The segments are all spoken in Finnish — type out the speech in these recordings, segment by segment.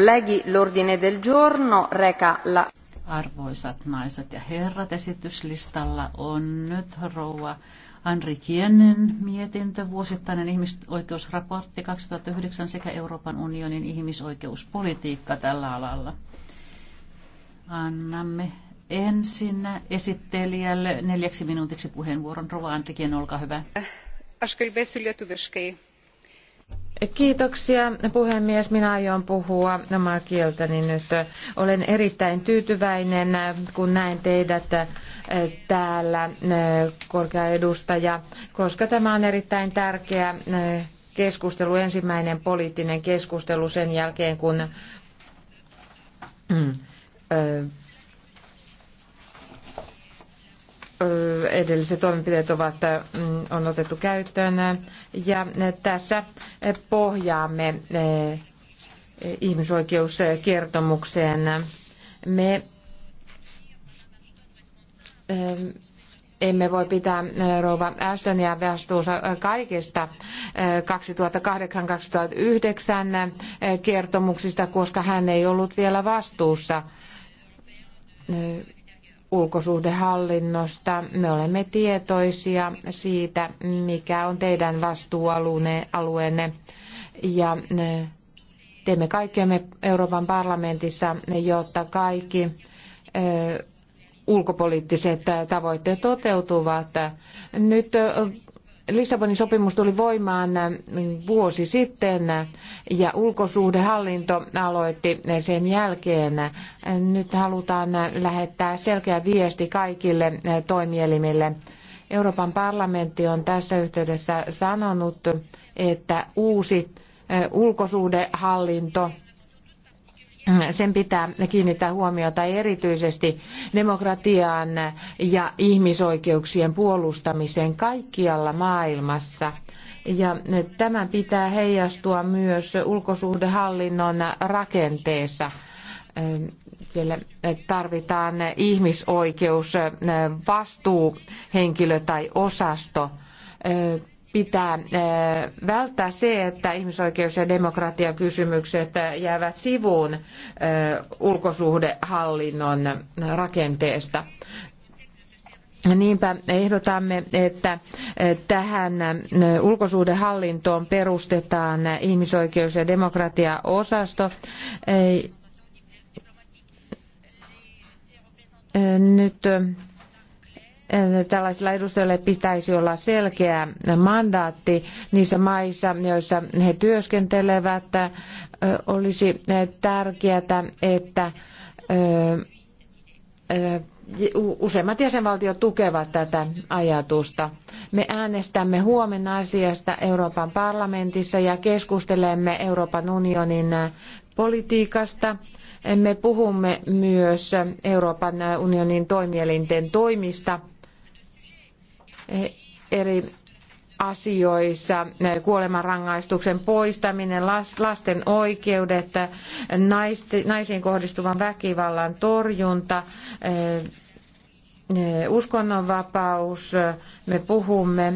l'ordine del giorno reca la... Arvoisat naiset ja herrat, esityslistalla on nyt rouva Andri Kiennen mietintö, vuosittainen ihmisoikeusraportti 2009 sekä Euroopan unionin ihmisoikeuspolitiikka tällä alalla. Annamme ensin esittelijälle neljäksi minuutiksi puheenvuoron. Rouva Andri Kiennen, olkaa hyvä. Aš kalbėsiu lietuviškai. Kiitoksia puhemies. Minä aion puhua omaa kieltäni nyt. Olen erittäin tyytyväinen, kun näen teidät äh, täällä äh, korkea edustaja, koska tämä on erittäin tärkeä äh, keskustelu, ensimmäinen poliittinen keskustelu sen jälkeen, kun edelliset toimenpiteet ovat, mm, on otettu käyttöön ja tässä pohjaamme ihmisoikeuskertomukseen. Me emme voi pitää rouva Ashtonia vastuussa kaikista 2008-2009 kertomuksista, koska hän ei ollut vielä vastuussa ulkosuhdehallinnosta. Me olemme tietoisia siitä, mikä on teidän vastuualueenne ja eh, teemme kaikkemme Euroopan parlamentissa, jotta kaikki eh, ulkopoliittiset tavoitteet toteutuvat. Nyt eh, Lissabonin sopimus tuli voimaan vuosi sitten ja ulkosuhdehallinto aloitti sen jälkeen. Nyt halutaan lähettää selkeä viesti kaikille toimielimille. Euroopan parlamentti on tässä yhteydessä sanonut, että uusi ulkosuhdehallinto – sen pitää kiinnittää huomiota erityisesti demokratiaan ja ihmisoikeuksien puolustamiseen kaikkialla maailmassa. Ja tämän pitää heijastua myös ulkosuhdehallinnon rakenteessa. Siellä tarvitaan ihmisoikeus, vastuuhenkilö tai osasto pitää eh, välttää se, että ihmisoikeus- ja demokratiakysymykset jäävät sivuun eh, ulkosuhdehallinnon rakenteesta. Niinpä ehdotamme, että eh, tähän ulkosuhdehallintoon perustetaan ihmisoikeus- ja demokratiaosasto. Nyt tällaisilla edustajilla pitäisi olla selkeä mandaatti niissä maissa, joissa he työskentelevät. Olisi tärkeää, että useimmat jäsenvaltiot tukevat tätä ajatusta. Me äänestämme huomenna asiasta Euroopan parlamentissa ja keskustelemme Euroopan unionin politiikasta. Me puhumme myös Euroopan unionin toimielinten toimista – Eh, eri asioissa, eh, kuolemanrangaistuksen poistaminen, lasten oikeudet, eh, naisiin kohdistuvan väkivallan torjunta, uskonnonvapaus. Me puhumme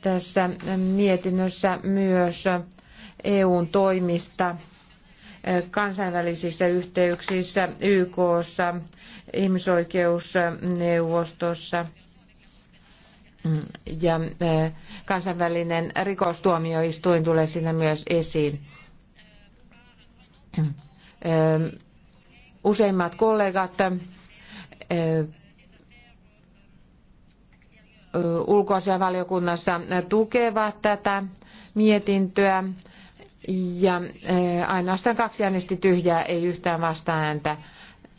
tässä mietinnössä myös EUn toimista kansainvälisissä yhteyksissä, YKssa, ihmisoikeusneuvostossa – ja e, kansainvälinen rikostuomioistuin tulee siinä myös esiin. E, useimmat kollegat e, ulkoasianvaliokunnassa tukevat tätä mietintöä ja ainoastaan kaksi äänesti tyhjää, ei yhtään vastaääntä.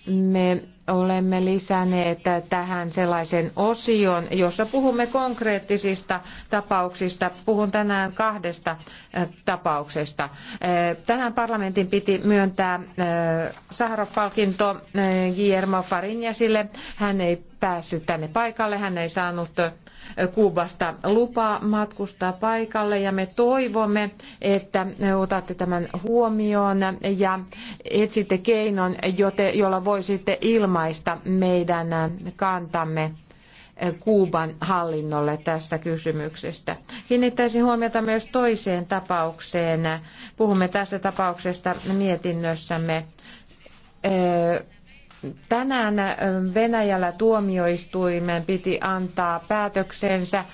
Me olemme lisänneet tähän sellaisen osion, jossa puhumme konkreettisista tapauksista. Puhun tänään kahdesta eh, tapauksesta. Eh, tänään parlamentin piti myöntää eh, Saharov-palkinto Guillermo Farinjasille. Hän ei päässyt tänne paikalle, hän ei saanut Kuubasta lupaa matkustaa paikalle ja me toivomme, että otatte tämän huomioon ja etsitte keinon, jolla voisitte ilmaista ilmaista meidän kantamme Kuuban hallinnolle tästä kysymyksestä. Kiinnittäisin huomiota myös toiseen tapaukseen. Puhumme tästä tapauksesta mietinnössämme. Tänään Venäjällä tuomioistuimen piti antaa päätöksensä,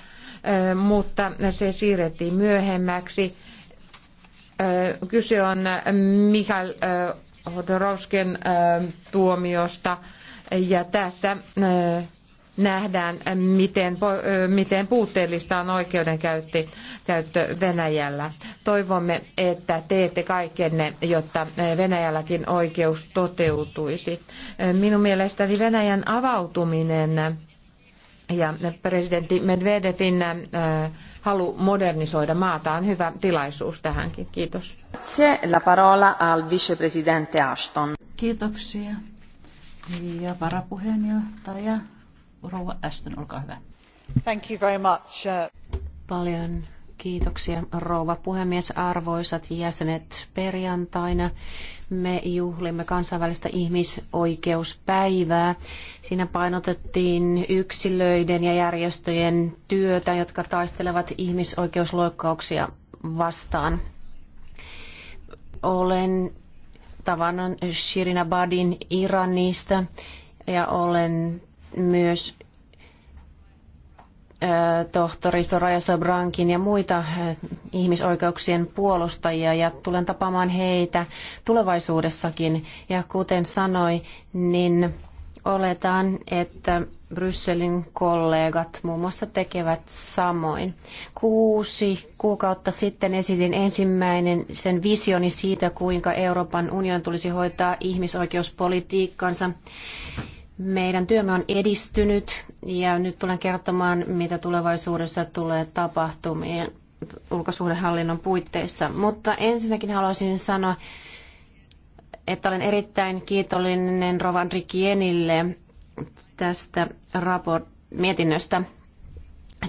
mutta se siirrettiin myöhemmäksi. Kyse on Mikael Hodorowsken tuomiosta. Ja tässä nähdään, miten, miten puutteellista on oikeudenkäyttö käyttö Venäjällä. Toivomme, että teette kaikenne, jotta Venäjälläkin oikeus toteutuisi. Minun mielestäni Venäjän avautuminen ja presidentti Medvedevin halu modernisoida maataan hyvä tilaisuus tähänkin. Kiitos. Se la parola al vicepresidente Ashton. Kiitoksia. Ja varapuheenjohtaja Rouva Ashton, olkaa hyvä. Thank you very much. Uh, Paljon kiitoksia rouva puhemies, arvoisat jäsenet perjantaina me juhlimme kansainvälistä ihmisoikeuspäivää. Siinä painotettiin yksilöiden ja järjestöjen työtä, jotka taistelevat ihmisoikeusloikkauksia vastaan. Olen tavannut Shirin Abadin Iranista ja olen myös tohtori Soraya Sobrankin ja muita ihmisoikeuksien puolustajia ja tulen tapaamaan heitä tulevaisuudessakin. Ja kuten sanoi, niin oletaan, että Brysselin kollegat muun muassa tekevät samoin. Kuusi kuukautta sitten esitin ensimmäinen sen visioni siitä, kuinka Euroopan union tulisi hoitaa ihmisoikeuspolitiikkansa. Meidän työmme on edistynyt ja nyt tulen kertomaan, mitä tulevaisuudessa tulee tapahtumiin ulkosuhdehallinnon puitteissa. Mutta ensinnäkin haluaisin sanoa, että olen erittäin kiitollinen Rovan Rikienille tästä raport- mietinnöstä.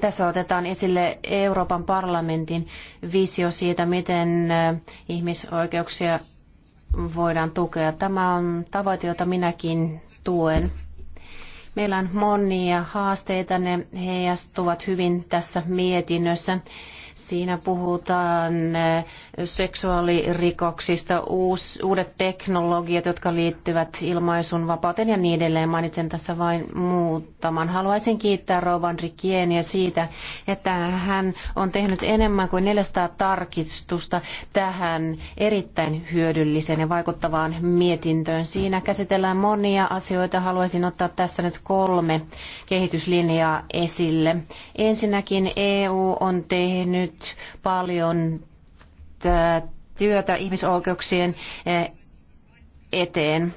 Tässä otetaan esille Euroopan parlamentin visio siitä, miten äh, ihmisoikeuksia voidaan tukea. Tämä on tavoite, jota minäkin tuen. Meillä on monia haasteita, ne heijastuvat hyvin tässä mietinnössä. Siinä puhutaan eh, seksuaalirikoksista, uus, uudet teknologiat, jotka liittyvät ilmaisun vapauteen ja niin edelleen. Mainitsen tässä vain muutaman. Haluaisin kiittää Rovan Rikieniä siitä, että hän on tehnyt enemmän kuin 400 tarkistusta tähän erittäin hyödylliseen ja vaikuttavaan mietintöön. Siinä käsitellään monia asioita. Haluaisin ottaa tässä nyt kolme kehityslinjaa esille. Ensinnäkin EU on tehnyt tehnyt paljon työtä ihmisoikeuksien eteen.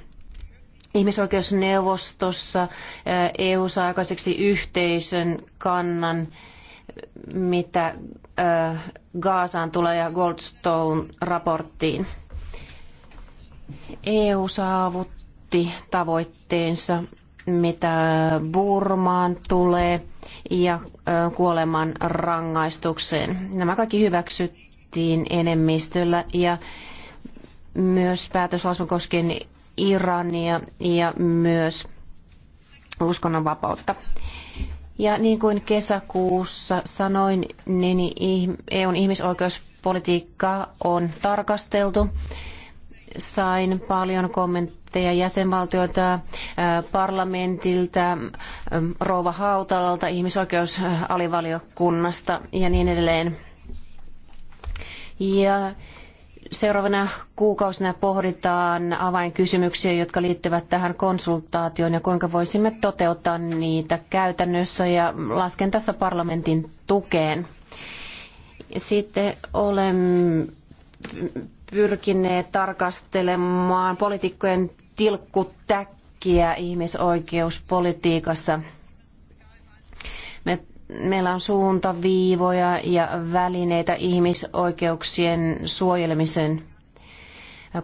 Ihmisoikeusneuvostossa EU saa aikaiseksi yhteisön kannan, mitä Gaasaan tulee ja Goldstone-raporttiin. EU saavutti tavoitteensa mitä Burmaan tulee ja kuoleman rangaistukseen. Nämä kaikki hyväksyttiin enemmistöllä ja myös päätöslausuma koskien Irania ja myös uskonnonvapautta. Ja niin kuin kesäkuussa sanoin, niin EUn ihmisoikeuspolitiikkaa on tarkasteltu. Sain paljon kommentteja viestejä jäsenvaltioilta, äh, parlamentilta, äh, Rouva Hautalalta, ihmisoikeusalivaliokunnasta ja niin edelleen. Ja seuraavana kuukausina pohditaan avainkysymyksiä, jotka liittyvät tähän konsultaatioon ja kuinka voisimme toteuttaa niitä käytännössä ja lasken tässä parlamentin tukeen. Sitten olemme pyrkineet tarkastelemaan poliitikkojen tilkkutäkkiä ihmisoikeuspolitiikassa. Me, meillä on suuntaviivoja ja välineitä ihmisoikeuksien suojelemisen.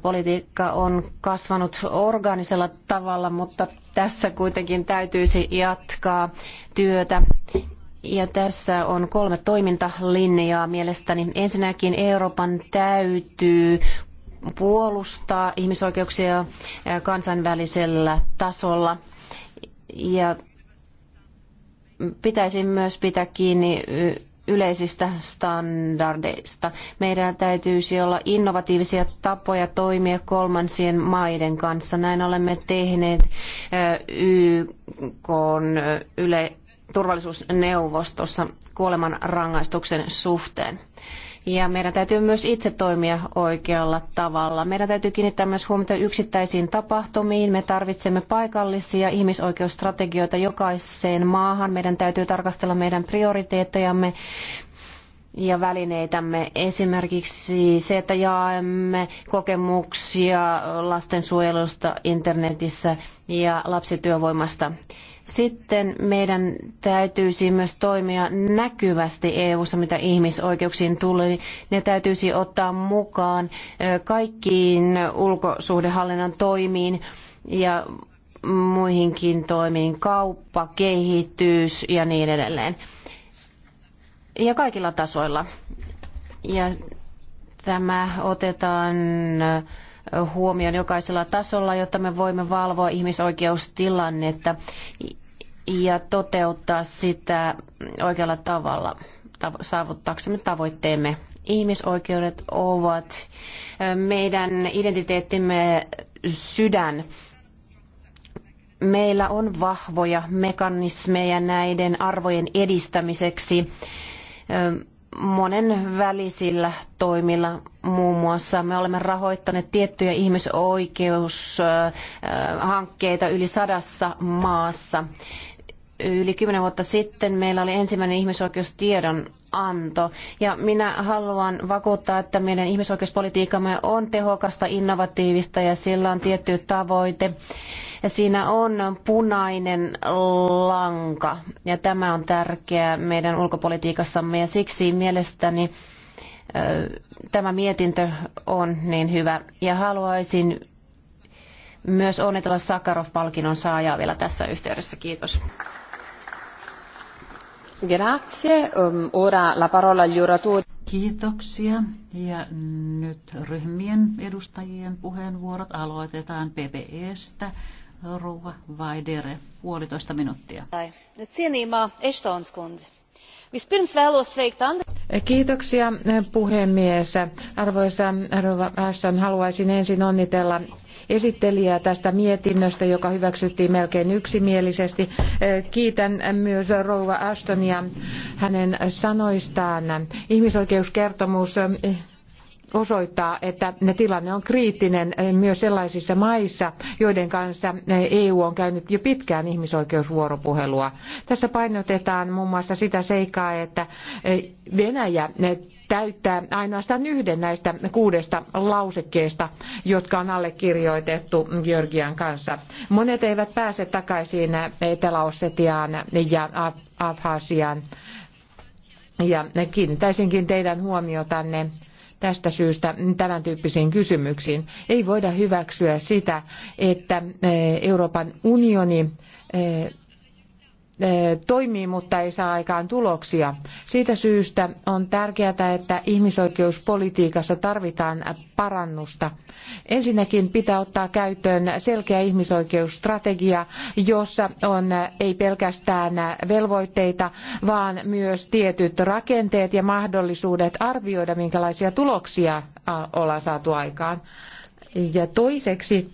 Politiikka on kasvanut orgaanisella tavalla, mutta tässä kuitenkin täytyisi jatkaa työtä ja tässä on kolme toimintalinjaa mielestäni. Ensinnäkin Euroopan täytyy puolustaa ihmisoikeuksia kansainvälisellä tasolla ja pitäisi myös pitää kiinni yleisistä standardeista. Meidän täytyisi olla innovatiivisia tapoja toimia kolmansien maiden kanssa. Näin olemme tehneet YK yle turvallisuusneuvostossa kuoleman rangaistuksen suhteen ja meidän täytyy myös itse toimia oikealla tavalla. Meidän täytyy kiinnittää myös huomiota yksittäisiin tapahtumiin. Me tarvitsemme paikallisia ihmisoikeusstrategioita jokaiseen maahan. Meidän täytyy tarkastella meidän prioriteettejamme ja välineitämme. Esimerkiksi se, että jaamme kokemuksia lastensuojelusta internetissä ja lapsityövoimasta. Sitten meidän täytyisi myös toimia näkyvästi EU-ssa, mitä ihmisoikeuksiin tulee. Niin ne täytyisi ottaa mukaan kaikkiin ulkosuhdehallinnon toimiin ja muihinkin toimiin, kauppa, kehitys ja niin edelleen. Ja kaikilla tasoilla. Ja tämä otetaan huomioon jokaisella tasolla, jotta me voimme valvoa ihmisoikeustilannetta ja toteuttaa sitä oikealla tavalla saavuttaaksemme tavoitteemme. Ihmisoikeudet ovat meidän identiteettimme sydän. Meillä on vahvoja mekanismeja näiden arvojen edistämiseksi monen välisillä toimilla muun muassa. Me olemme rahoittaneet tiettyjä ihmisoikeushankkeita yli sadassa maassa yli kymmenen vuotta sitten meillä oli ensimmäinen ihmisoikeustiedon anto. Ja minä haluan vakuuttaa, että meidän ihmisoikeuspolitiikkamme on tehokasta, innovatiivista ja sillä on tietty tavoite. Ja siinä on punainen lanka ja tämä on tärkeää meidän ulkopolitiikassamme ja siksi mielestäni tämä mietintö on niin hyvä. Ja haluaisin myös onnitella Sakarov-palkinnon saajaa vielä tässä yhteydessä. Kiitos. Grazie. Ehm, ora la parola agli oratori. Kiitoksia. Ja nyt ryhmien edustajien puheenvuorot aloitetaan PPEstä. Rouva Vaidere, puolitoista minuuttia. Cienījumā Eštons kundze. Vispirms vēlos sveikt Andri... Kiitoksia puhemies. Arvoisa rouva Ashton, haluaisin ensin onnitella esittelijää tästä mietinnöstä, joka hyväksyttiin melkein yksimielisesti. Kiitän myös rouva Ashtonia hänen sanoistaan. Ihmisoikeuskertomus osoittaa, että tilanne on kriittinen myös sellaisissa maissa, joiden kanssa EU on käynyt jo pitkään ihmisoikeusvuoropuhelua. Tässä painotetaan muun muassa sitä seikkaa, että Venäjä täyttää ainoastaan yhden näistä kuudesta lausekkeesta, jotka on allekirjoitettu Georgian kanssa. Monet eivät pääse takaisin Etelä-Ossetiaan ja Abhasiaan. Ja kiinnittäisinkin teidän huomiotanne tästä syystä tämän tyyppisiin kysymyksiin. Ei voida hyväksyä sitä, että eh, Euroopan unioni eh, toimii, mutta ei saa aikaan tuloksia. Siitä syystä on tärkeää, että ihmisoikeuspolitiikassa tarvitaan parannusta. Ensinnäkin pitää ottaa käyttöön selkeä ihmisoikeusstrategia, jossa on ei pelkästään velvoitteita, vaan myös tietyt rakenteet ja mahdollisuudet arvioida, minkälaisia tuloksia ollaan saatu aikaan. Ja toiseksi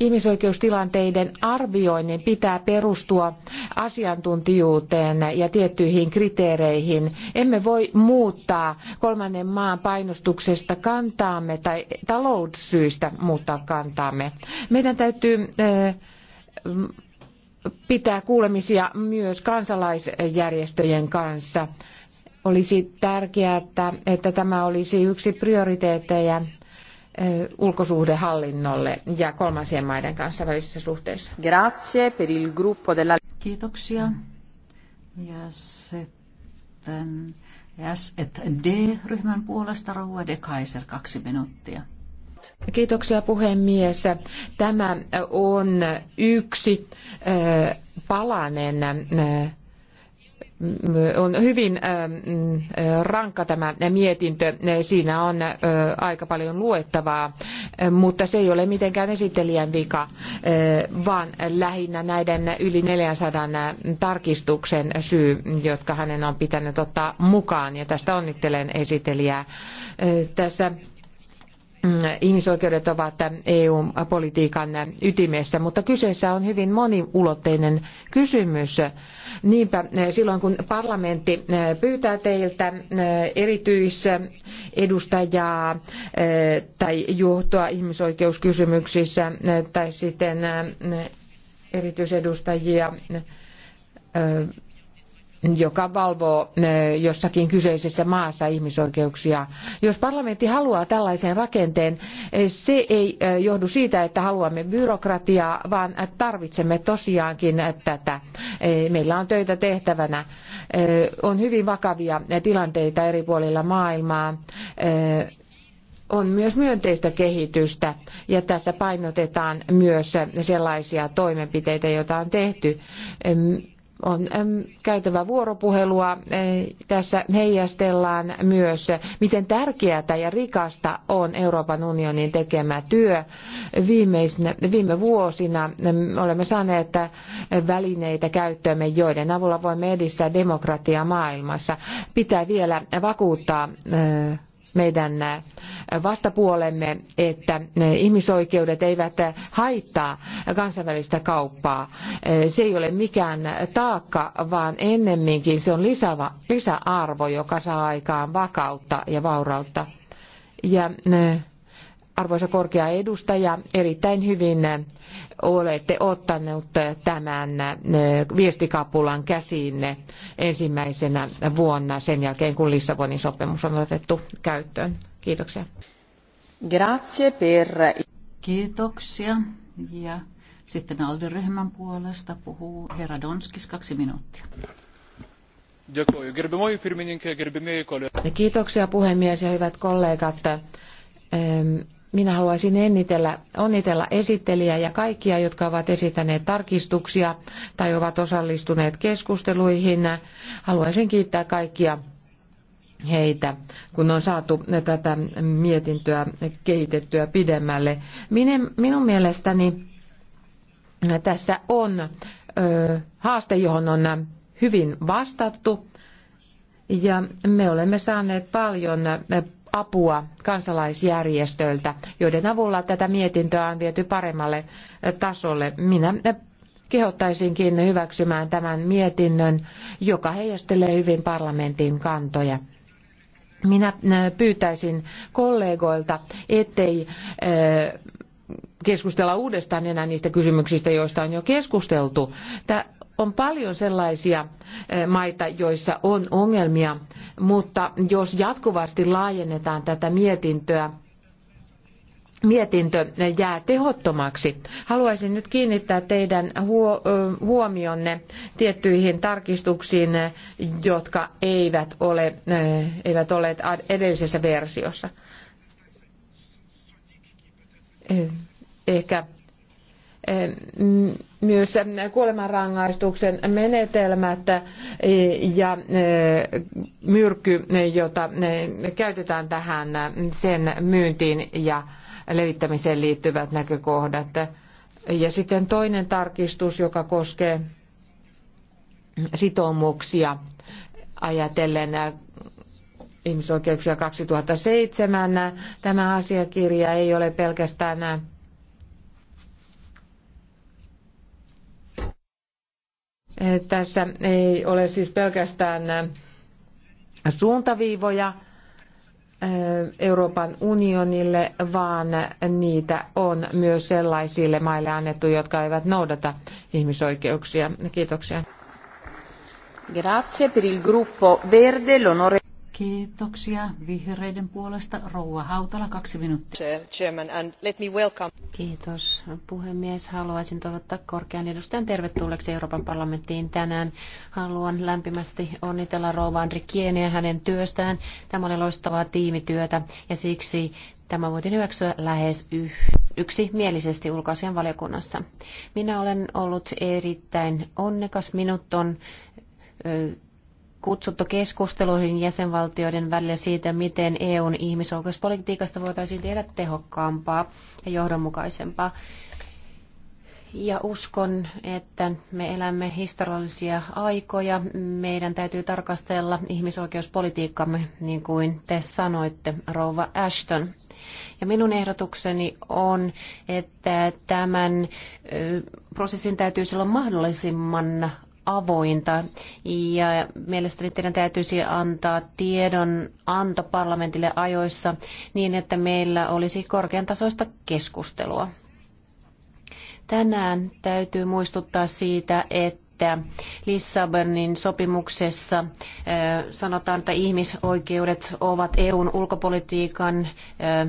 ihmisoikeustilanteiden arvioinnin pitää perustua asiantuntijuuteen ja tiettyihin kriteereihin. Emme voi muuttaa kolmannen maan painostuksesta kantaamme tai taloussyistä muuttaa kantaamme. Meidän täytyy eh, pitää kuulemisia myös kansalaisjärjestöjen kanssa. Olisi tärkeää, että, tämä olisi yksi prioriteetteja ulkosuhdehallinnolle ja kolmansien maiden kanssa välisissä suhteissa. Grazie per il gruppo della... Kiitoksia. Ja sitten SD-ryhmän puolesta Rauha de Kaiser, kaksi minuuttia. Kiitoksia puhemies. Tämä on yksi palanen on hyvin äh, mm, äh, rankka tämä mietintö. Siinä on äh, aika paljon luettavaa, mutta se ei ole mitenkään esittelijän vika, vaan lähinnä näiden yli 400 tarkistuksen syy, jotka hänen on pitänyt ottaa mukaan. Ja tästä onnittelen esittelijää. Tässä Mm, ihmisoikeudet ovat EU-politiikan ytimessä, mutta kyseessä on hyvin moniulotteinen kysymys. Niinpä eh, silloin kun parlamentti eh, pyytää teiltä eh, erityisedustajaa tai johtoa ihmisoikeuskysymyksissä tai sitten erityisedustajia joka valvoo eh, jossakin kyseisessä maassa ihmisoikeuksia. Jos parlamentti haluaa tällaisen rakenteen, eh, se ei eh, johdu siitä, että haluamme byrokratiaa, vaan tarvitsemme tosiaankin tätä. Meillä on töitä tehtävänä. On hyvin vakavia tilanteita eri puolilla maailmaa on myös myönteistä kehitystä ja tässä painotetaan myös sellaisia toimenpiteitä, joita on tehty on käytävä vuoropuhelua. Eh, tässä heijastellaan myös, miten tärkeää ja rikasta on Euroopan unionin tekemä työ. viime vuosina olemme saaneet välineitä käyttöömme, joiden avulla voimme edistää demokratiaa maailmassa. Pitää vielä vakuuttaa eh, meidän vastapuolemme, että ihmisoikeudet eivät haittaa kansainvälistä kauppaa. Se ei ole mikään taakka, vaan ennemminkin se on lisäva, lisäarvo, joka saa aikaan vakautta ja vaurautta. Ja arvoisa korkea edustaja, erittäin hyvin äh, olette ottanut tämän äh, viestikapulan käsiinne ensimmäisenä vuonna sen jälkeen, kun Lissabonin sopimus on otettu käyttöön. Kiitoksia. Grazie per... Kiitoksia. Ja sitten Aldi ryhmän puolesta puhuu herra Donskis kaksi minuuttia. Kiitoksia puhemies ja hyvät kollegat. Minä haluaisin ennitellä, onnitella esittelijää ja kaikkia, jotka ovat esittäneet tarkistuksia tai ovat osallistuneet keskusteluihin. Haluaisin kiittää kaikkia heitä, kun on saatu tätä mietintöä kehitettyä pidemmälle. minun mielestäni tässä on haaste, johon on hyvin vastattu. Ja me olemme saaneet paljon apua kansalaisjärjestöiltä, joiden avulla tätä mietintöä on viety paremmalle eh, tasolle. Minä eh, kehottaisinkin hyväksymään tämän mietinnön, joka heijastelee hyvin parlamentin kantoja. Minä eh, pyytäisin kollegoilta, ettei keskustella uudestaan enää niistä kysymyksistä, joista on jo keskusteltu on paljon sellaisia eh, maita, joissa on ongelmia, mutta jos jatkuvasti laajennetaan tätä mietintöä, mietintö jää tehottomaksi. Haluaisin nyt kiinnittää teidän huomionne tiettyihin tarkistuksiin, jotka eivät ole, eivät ole edellisessä versiossa. Eh, ehkä myös kuolemanrangaistuksen menetelmät ja myrkky, jota käytetään tähän sen myyntiin ja levittämiseen liittyvät näkökohdat. Ja sitten toinen tarkistus, joka koskee sitoumuksia ajatellen ihmisoikeuksia 2007. Tämä asiakirja ei ole pelkästään Tässä ei ole siis pelkästään äh, suuntaviivoja äh, Euroopan unionille, vaan niitä on myös sellaisille maille annettu, jotka eivät noudata ihmisoikeuksia. Kiitoksia. Grazie per il gruppo verde, l'onore... Kiitoksia vihreiden puolesta. Rouva Hautala, kaksi minuuttia. and let me welcome. Kiitos puhemies. Haluaisin toivottaa korkean edustajan tervetulleeksi Euroopan parlamenttiin tänään. Haluan lämpimästi onnitella rouva Andri Kieniä hänen työstään. Tämä oli loistavaa tiimityötä ja siksi Tämä voitiin hyväksyä lähes yksimielisesti ulkoasian valiokunnassa. Minä olen ollut erittäin onnekas. Minut on kutsuttu keskusteluihin jäsenvaltioiden välillä siitä, miten EUn ihmisoikeuspolitiikasta voitaisiin tehdä tehokkaampaa ja johdonmukaisempaa. Ja uskon, että me elämme historiallisia aikoja. Meidän täytyy tarkastella ihmisoikeuspolitiikkamme, niin kuin te sanoitte, rouva Ashton. Ja minun ehdotukseni on, että tämän prosessin täytyy olla mahdollisimman avointa ja mielestäni teidän täytyisi antaa tiedon anto parlamentille ajoissa niin, että meillä olisi korkean tasoista keskustelua. Tänään täytyy muistuttaa siitä, että että Lissabonin sopimuksessa sanotaan, että ihmisoikeudet ovat EUn ulkopolitiikan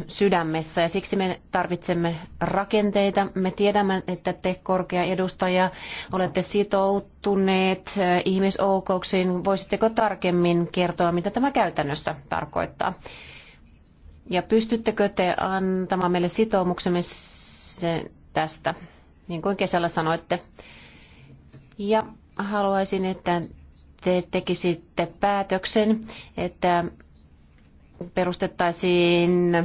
sydämessä ja siksi me tarvitsemme rakenteita. Me tiedämme, että te korkea edustaja olette sitoutuneet ihmisoikeuksiin. Voisitteko tarkemmin kertoa, mitä tämä käytännössä tarkoittaa? Ja pystyttekö te antamaan meille sitoumuksemme tästä, niin kuin kesällä sanoitte? haluaisin, että te tekisitte päätöksen, että perustettaisiin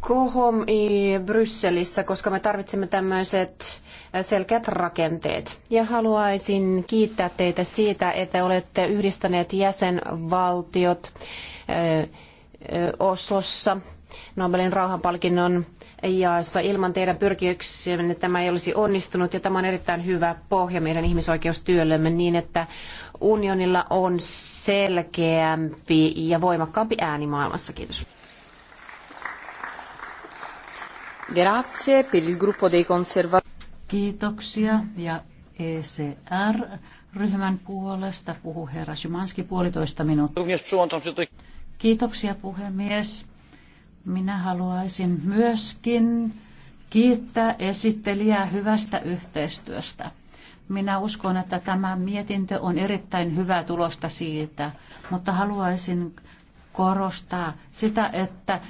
KOHOM Brysselissä, koska me tarvitsemme tämmöiset selkeät rakenteet. Ja haluaisin kiittää teitä siitä, että olette yhdistäneet jäsenvaltiot Oslossa Nobelin rauhanpalkinnon joissa ilman teidän pyrkiyksiänne niin tämä ei olisi onnistunut ja tämä on erittäin hyvä pohja meidän ihmisoikeustyöllemme niin, että unionilla on selkeämpi ja voimakkaampi ääni maailmassa. Kiitos. Grazie per il gruppo dei conservatori. Kiitoksia ja ECR-ryhmän puolesta puhuu herra Szymanski puolitoista minuuttia. Kiitoksia puhemies. Minä haluaisin myöskin kiittää esittelijää hyvästä yhteistyöstä. Minä uskon, että tämä mietintö on erittäin hyvää tulosta siitä, mutta haluaisin korostaa sitä, että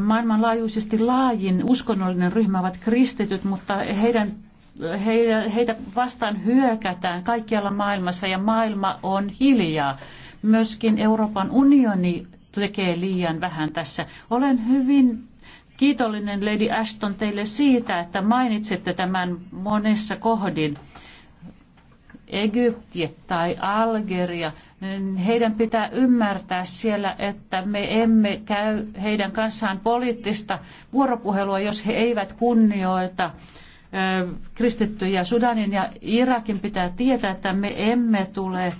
maailmanlaajuisesti laajin uskonnollinen ryhmä ovat kristityt, mutta heidän, heidän, heitä vastaan hyökätään kaikkialla maailmassa ja maailma on hiljaa. Myöskin Euroopan unioni tekee liian vähän tässä. Olen hyvin kiitollinen Lady Ashton teille siitä, että mainitsette tämän monessa kohdin. Egypti tai Algeria, niin heidän pitää ymmärtää siellä, että me emme käy heidän kanssaan poliittista vuoropuhelua, jos he eivät kunnioita kristittyjä. Sudanin ja Irakin pitää tietää, että me emme tule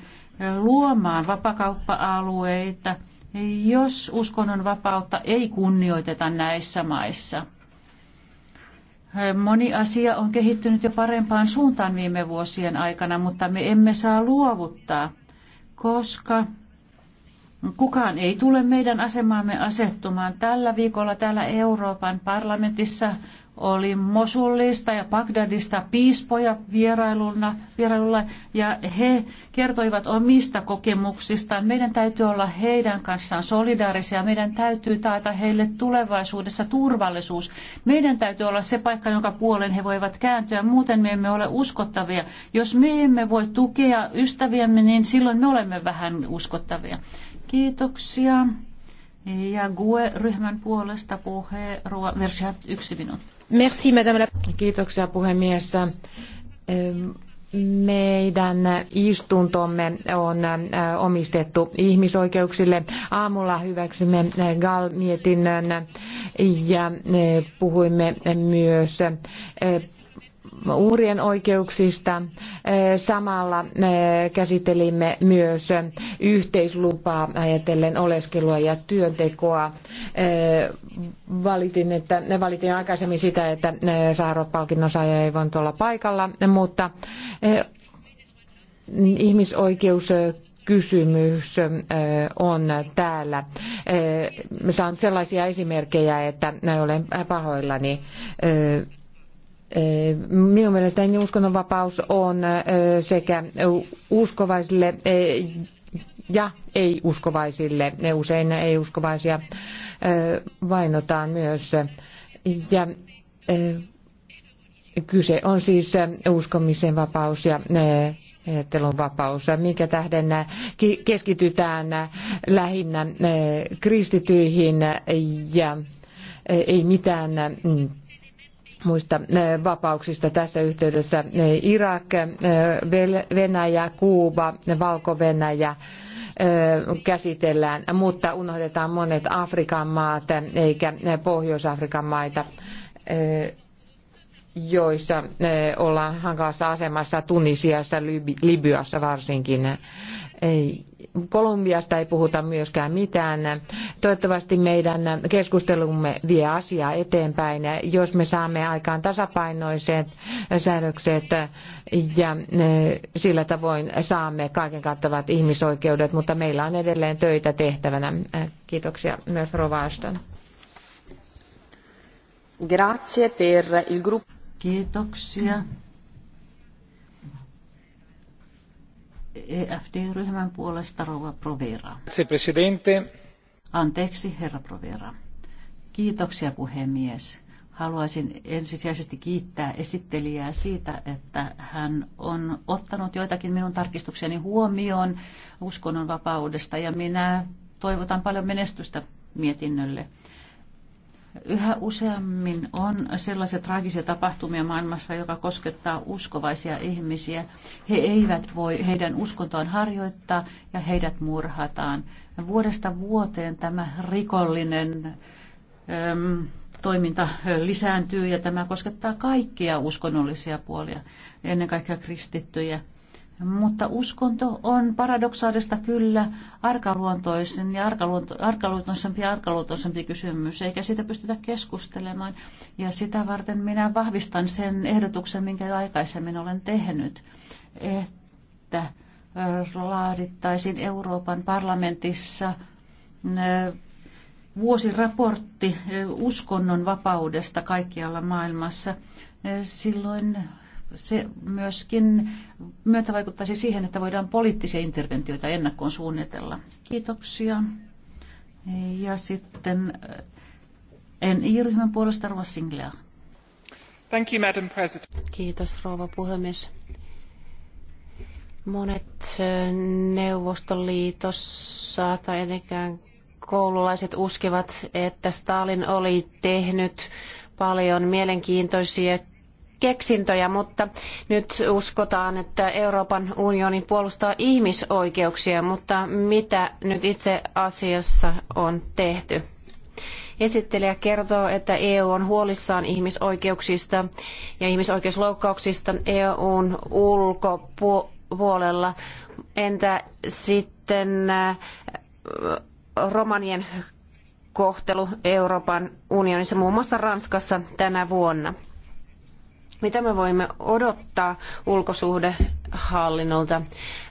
luomaan vapakauppa-alueita – jos uskonnon vapautta ei kunnioiteta näissä maissa. Moni asia on kehittynyt jo parempaan suuntaan viime vuosien aikana, mutta me emme saa luovuttaa, koska kukaan ei tule meidän asemaamme asettumaan. Tällä viikolla täällä Euroopan parlamentissa oli Mosullista ja Bagdadista piispoja vierailulla, vierailulla ja he kertoivat omista kokemuksistaan. Meidän täytyy olla heidän kanssaan solidaarisia, meidän täytyy taata heille tulevaisuudessa turvallisuus. Meidän täytyy olla se paikka, jonka puolen he voivat kääntyä, muuten me emme ole uskottavia. Jos me emme voi tukea ystäviämme, niin silloin me olemme vähän uskottavia. Kiitoksia. Ja GUE-ryhmän puolesta puhe Rua Vershat, yksi minuutti. Merci, madame la... Kiitoksia puhemies. Meidän istuntomme on omistettu ihmisoikeuksille. Aamulla hyväksymme GAL-mietinnön ja puhuimme myös uhrien oikeuksista. Samalla käsittelimme myös yhteislupaa ajatellen oleskelua ja työntekoa. Valitin, että, valitin aikaisemmin sitä, että Saarot-palkinnon saaja ei voinut olla paikalla, mutta ihmisoikeus kysymys on täällä. Saan sellaisia esimerkkejä, että olen pahoillani Minun mielestäni uskonnonvapaus on sekä uskovaisille e, ja ei-uskovaisille. E, usein ei-uskovaisia vainotaan myös. Ja e, kyse on siis uskomisen vapaus ja ajattelun vapaus, minkä tähden keskitytään lähinnä kristityihin ja ei mitään mm, muista eh, vapauksista tässä yhteydessä. Eh, Irak, eh, Venäjä, Kuuba, Valko-Venäjä käsitellään, mutta unohdetaan monet Afrikan maat eikä Pohjois-Afrikan maita joissa ollaan hankalassa asemassa Tunisiassa, Libyassa varsinkin. Ei, Kolumbiasta ei puhuta myöskään mitään. Toivottavasti meidän keskustelumme vie asiaa eteenpäin, jos me saamme aikaan tasapainoiset säädökset ja e, sillä tavoin saamme kaiken kattavat ihmisoikeudet, mutta meillä on edelleen töitä tehtävänä. Kiitoksia myös Rova Ashton. Grazie per il gruppo. Kiitoksia. EFD-ryhmän puolesta rouva Provera. Anteeksi, herra Provera. Kiitoksia puhemies. Haluaisin ensisijaisesti kiittää esittelijää siitä, että hän on ottanut joitakin minun tarkistukseni huomioon uskonnonvapaudesta ja minä toivotan paljon menestystä mietinnölle. Yhä useammin on sellaisia traagisia tapahtumia maailmassa, joka koskettaa uskovaisia ihmisiä. He eivät voi heidän uskontoaan harjoittaa ja heidät murhataan. Vuodesta vuoteen tämä rikollinen äm, toiminta äh, lisääntyy ja tämä koskettaa kaikkia uskonnollisia puolia, ennen kaikkea kristittyjä. Mutta uskonto on paradoksaalista kyllä arkaluontoisen ja arkaluontoisempi ja arkaluontoisempi kysymys, eikä sitä pystytä keskustelemaan. Ja sitä varten minä vahvistan sen ehdotuksen, minkä jo aikaisemmin olen tehnyt, että laadittaisiin Euroopan parlamentissa vuosiraportti uskonnon vapaudesta kaikkialla maailmassa. Silloin se myöskin myötä vaikuttaisi siihen, että voidaan poliittisia interventioita ennakkoon suunnitella. Kiitoksia. Ja sitten eh, en ryhmän puolesta Rova Singlea. Thank you, Madam President. Kiitos, rouva puhemies. Monet eh, Neuvostoliitossa tai etenkään koululaiset uskivat, että Stalin oli tehnyt paljon mielenkiintoisia keksintöjä, mutta nyt uskotaan, että Euroopan unioni puolustaa ihmisoikeuksia, mutta mitä nyt itse asiassa on tehty? Esittelijä kertoo, että EU on huolissaan ihmisoikeuksista ja ihmisoikeusloukkauksista EUn ulkopuolella. Entä sitten äh, romanien kohtelu Euroopan unionissa, muun muassa Ranskassa tänä vuonna? Mitä me voimme odottaa ulkosuhde hallinnolta.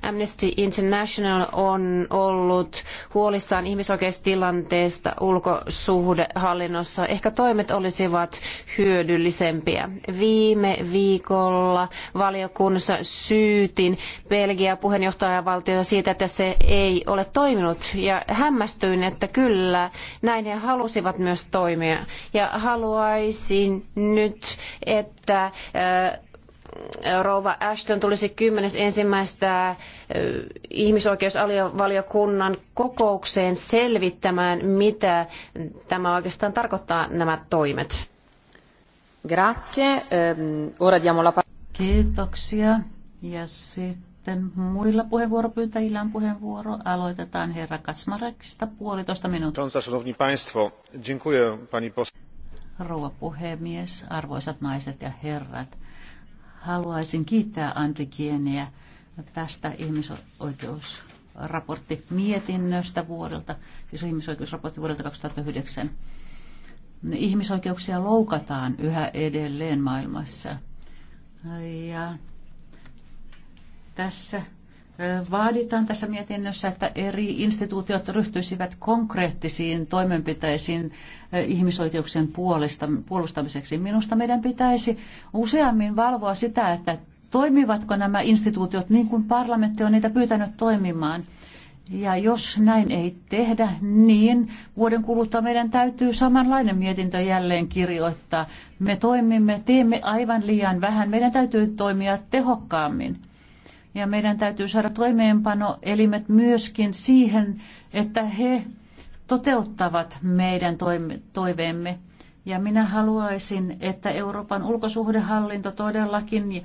Amnesty International on ollut huolissaan ihmisoikeustilanteesta ulkosuhdehallinnossa. Ehkä toimet olisivat hyödyllisempiä. Viime viikolla valiokunnassa syytin Belgia puheenjohtajavaltiota siitä, että se ei ole toiminut. Ja hämmästyin, että kyllä näin he halusivat myös toimia. Ja haluaisin nyt, että rouva Ashton tulisi ensimmäistä ihmisoikeusvaliokunnan kokoukseen selvittämään, mitä tämä oikeastaan tarkoittaa nämä toimet. Grazie. Ehm, ora diamo la Kiitoksia. Ja sitten muilla puheenvuoropyytäjillä on puheenvuoro. Aloitetaan herra Kasmarekista puolitoista minuuttia. Szanowni Państwo, dziękuję pani Rouva puhemies, arvoisat naiset ja herrat. Haluaisin kiittää Andri Kieniä tästä ihmisoikeusraportti mietinnöstä vuodelta, siis ihmisoikeusraportti vuodelta 2009. Ihmisoikeuksia loukataan yhä edelleen maailmassa. Ja tässä Vaaditaan tässä mietinnössä, että eri instituutiot ryhtyisivät konkreettisiin toimenpiteisiin eh, ihmisoikeuksien puolesta, puolustamiseksi. Minusta meidän pitäisi useammin valvoa sitä, että toimivatko nämä instituutiot niin kuin parlamentti on niitä pyytänyt toimimaan. Ja jos näin ei tehdä, niin vuoden kuluttua meidän täytyy samanlainen mietintö jälleen kirjoittaa. Me toimimme, teemme aivan liian vähän. Meidän täytyy toimia tehokkaammin. Ja meidän täytyy saada elimet myöskin siihen, että he toteuttavat meidän toiveemme. Ja minä haluaisin, että Euroopan ulkosuhdehallinto todellakin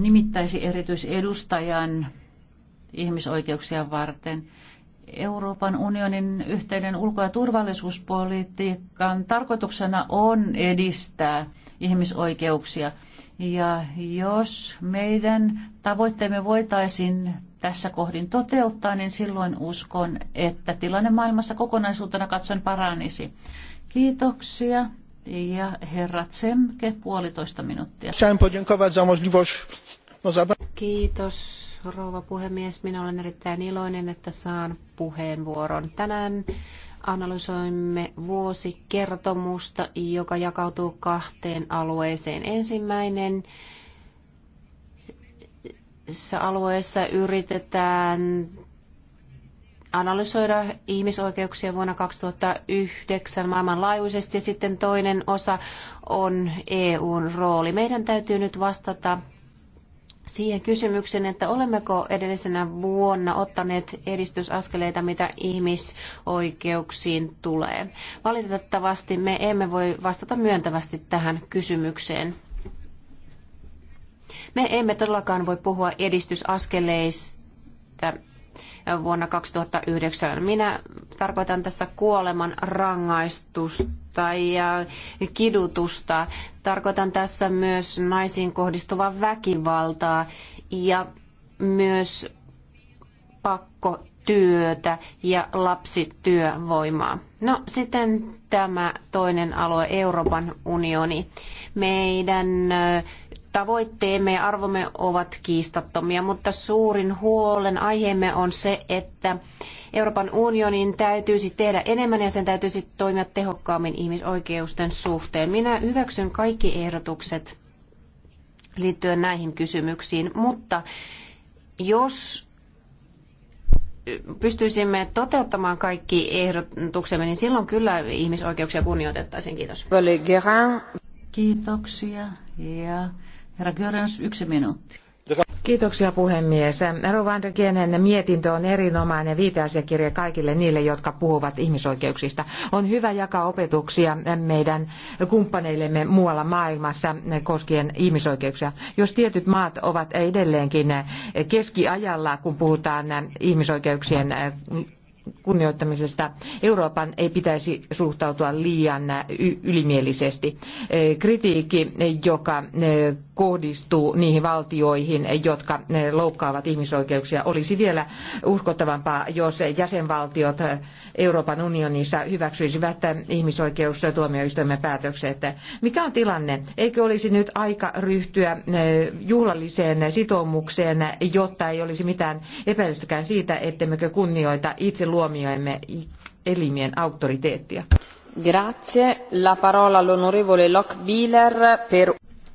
nimittäisi erityisedustajan ihmisoikeuksia varten. Euroopan unionin yhteinen ulko- ja turvallisuuspolitiikan tarkoituksena on edistää ihmisoikeuksia. Ja jos meidän tavoitteemme voitaisiin tässä kohdin toteuttaa, niin silloin uskon, että tilanne maailmassa kokonaisuutena katsoen paranisi. Kiitoksia. Ja herra Tsemke, puolitoista minuuttia. No, Kiitos rouva puhemies. Minä olen erittäin iloinen, että saan puheenvuoron. Tänään analysoimme vuosikertomusta, joka jakautuu kahteen alueeseen. Ensimmäinen alueessa yritetään analysoida ihmisoikeuksia vuonna 2009 maailmanlaajuisesti ja sitten toinen osa on EUn rooli. Meidän täytyy nyt vastata siihen kysymykseen, että olemmeko edellisenä vuonna ottaneet edistysaskeleita, mitä ihmisoikeuksiin tulee. Valitettavasti me emme voi vastata myöntävästi tähän kysymykseen. Me emme todellakaan voi puhua edistysaskeleista vuonna 2009. Minä tarkoitan tässä kuoleman rangaistusta ja kidutusta. Tarkoitan tässä myös naisiin kohdistuvaa väkivaltaa ja myös pakkotyötä ja lapsityövoimaa. No sitten tämä toinen alue, Euroopan unioni. Meidän tavoitteemme ja arvomme ovat kiistattomia, mutta suurin huolen aiheemme on se, että Euroopan unionin täytyisi tehdä enemmän ja sen täytyisi toimia tehokkaammin ihmisoikeusten suhteen. Minä hyväksyn kaikki ehdotukset liittyen näihin kysymyksiin, mutta jos pystyisimme toteuttamaan kaikki ehdotuksemme, niin silloin kyllä ihmisoikeuksia kunnioitettaisiin. Kiitos. Kiitoksia. Ja Herra Görens, yksi minuutti. Kiitoksia puhemies. Rovanden Kienen mietintö on erinomainen viiteasiakirja kaikille niille, jotka puhuvat ihmisoikeuksista. On hyvä jakaa opetuksia meidän kumppaneillemme muualla maailmassa koskien ihmisoikeuksia. Jos tietyt maat ovat edelleenkin keskiajalla, kun puhutaan ihmisoikeuksien kunnioittamisesta Euroopan ei pitäisi suhtautua liian ylimielisesti. Kritiikki, joka kohdistuu niihin valtioihin, jotka eh, loukkaavat ihmisoikeuksia. Olisi vielä uskottavampaa, jos jäsenvaltiot eh, Euroopan unionissa hyväksyisivät eh, ihmisoikeustuomioistuimen päätökset. Mikä on tilanne? Eikö olisi nyt aika ryhtyä juhlalliseen sitoumukseen, jotta ei olisi mitään epäilystäkään siitä, ettemmekö kunnioita itse luomioimme elimien auktoriteettia? Grazie. La parola all'onorevole Lockbiller per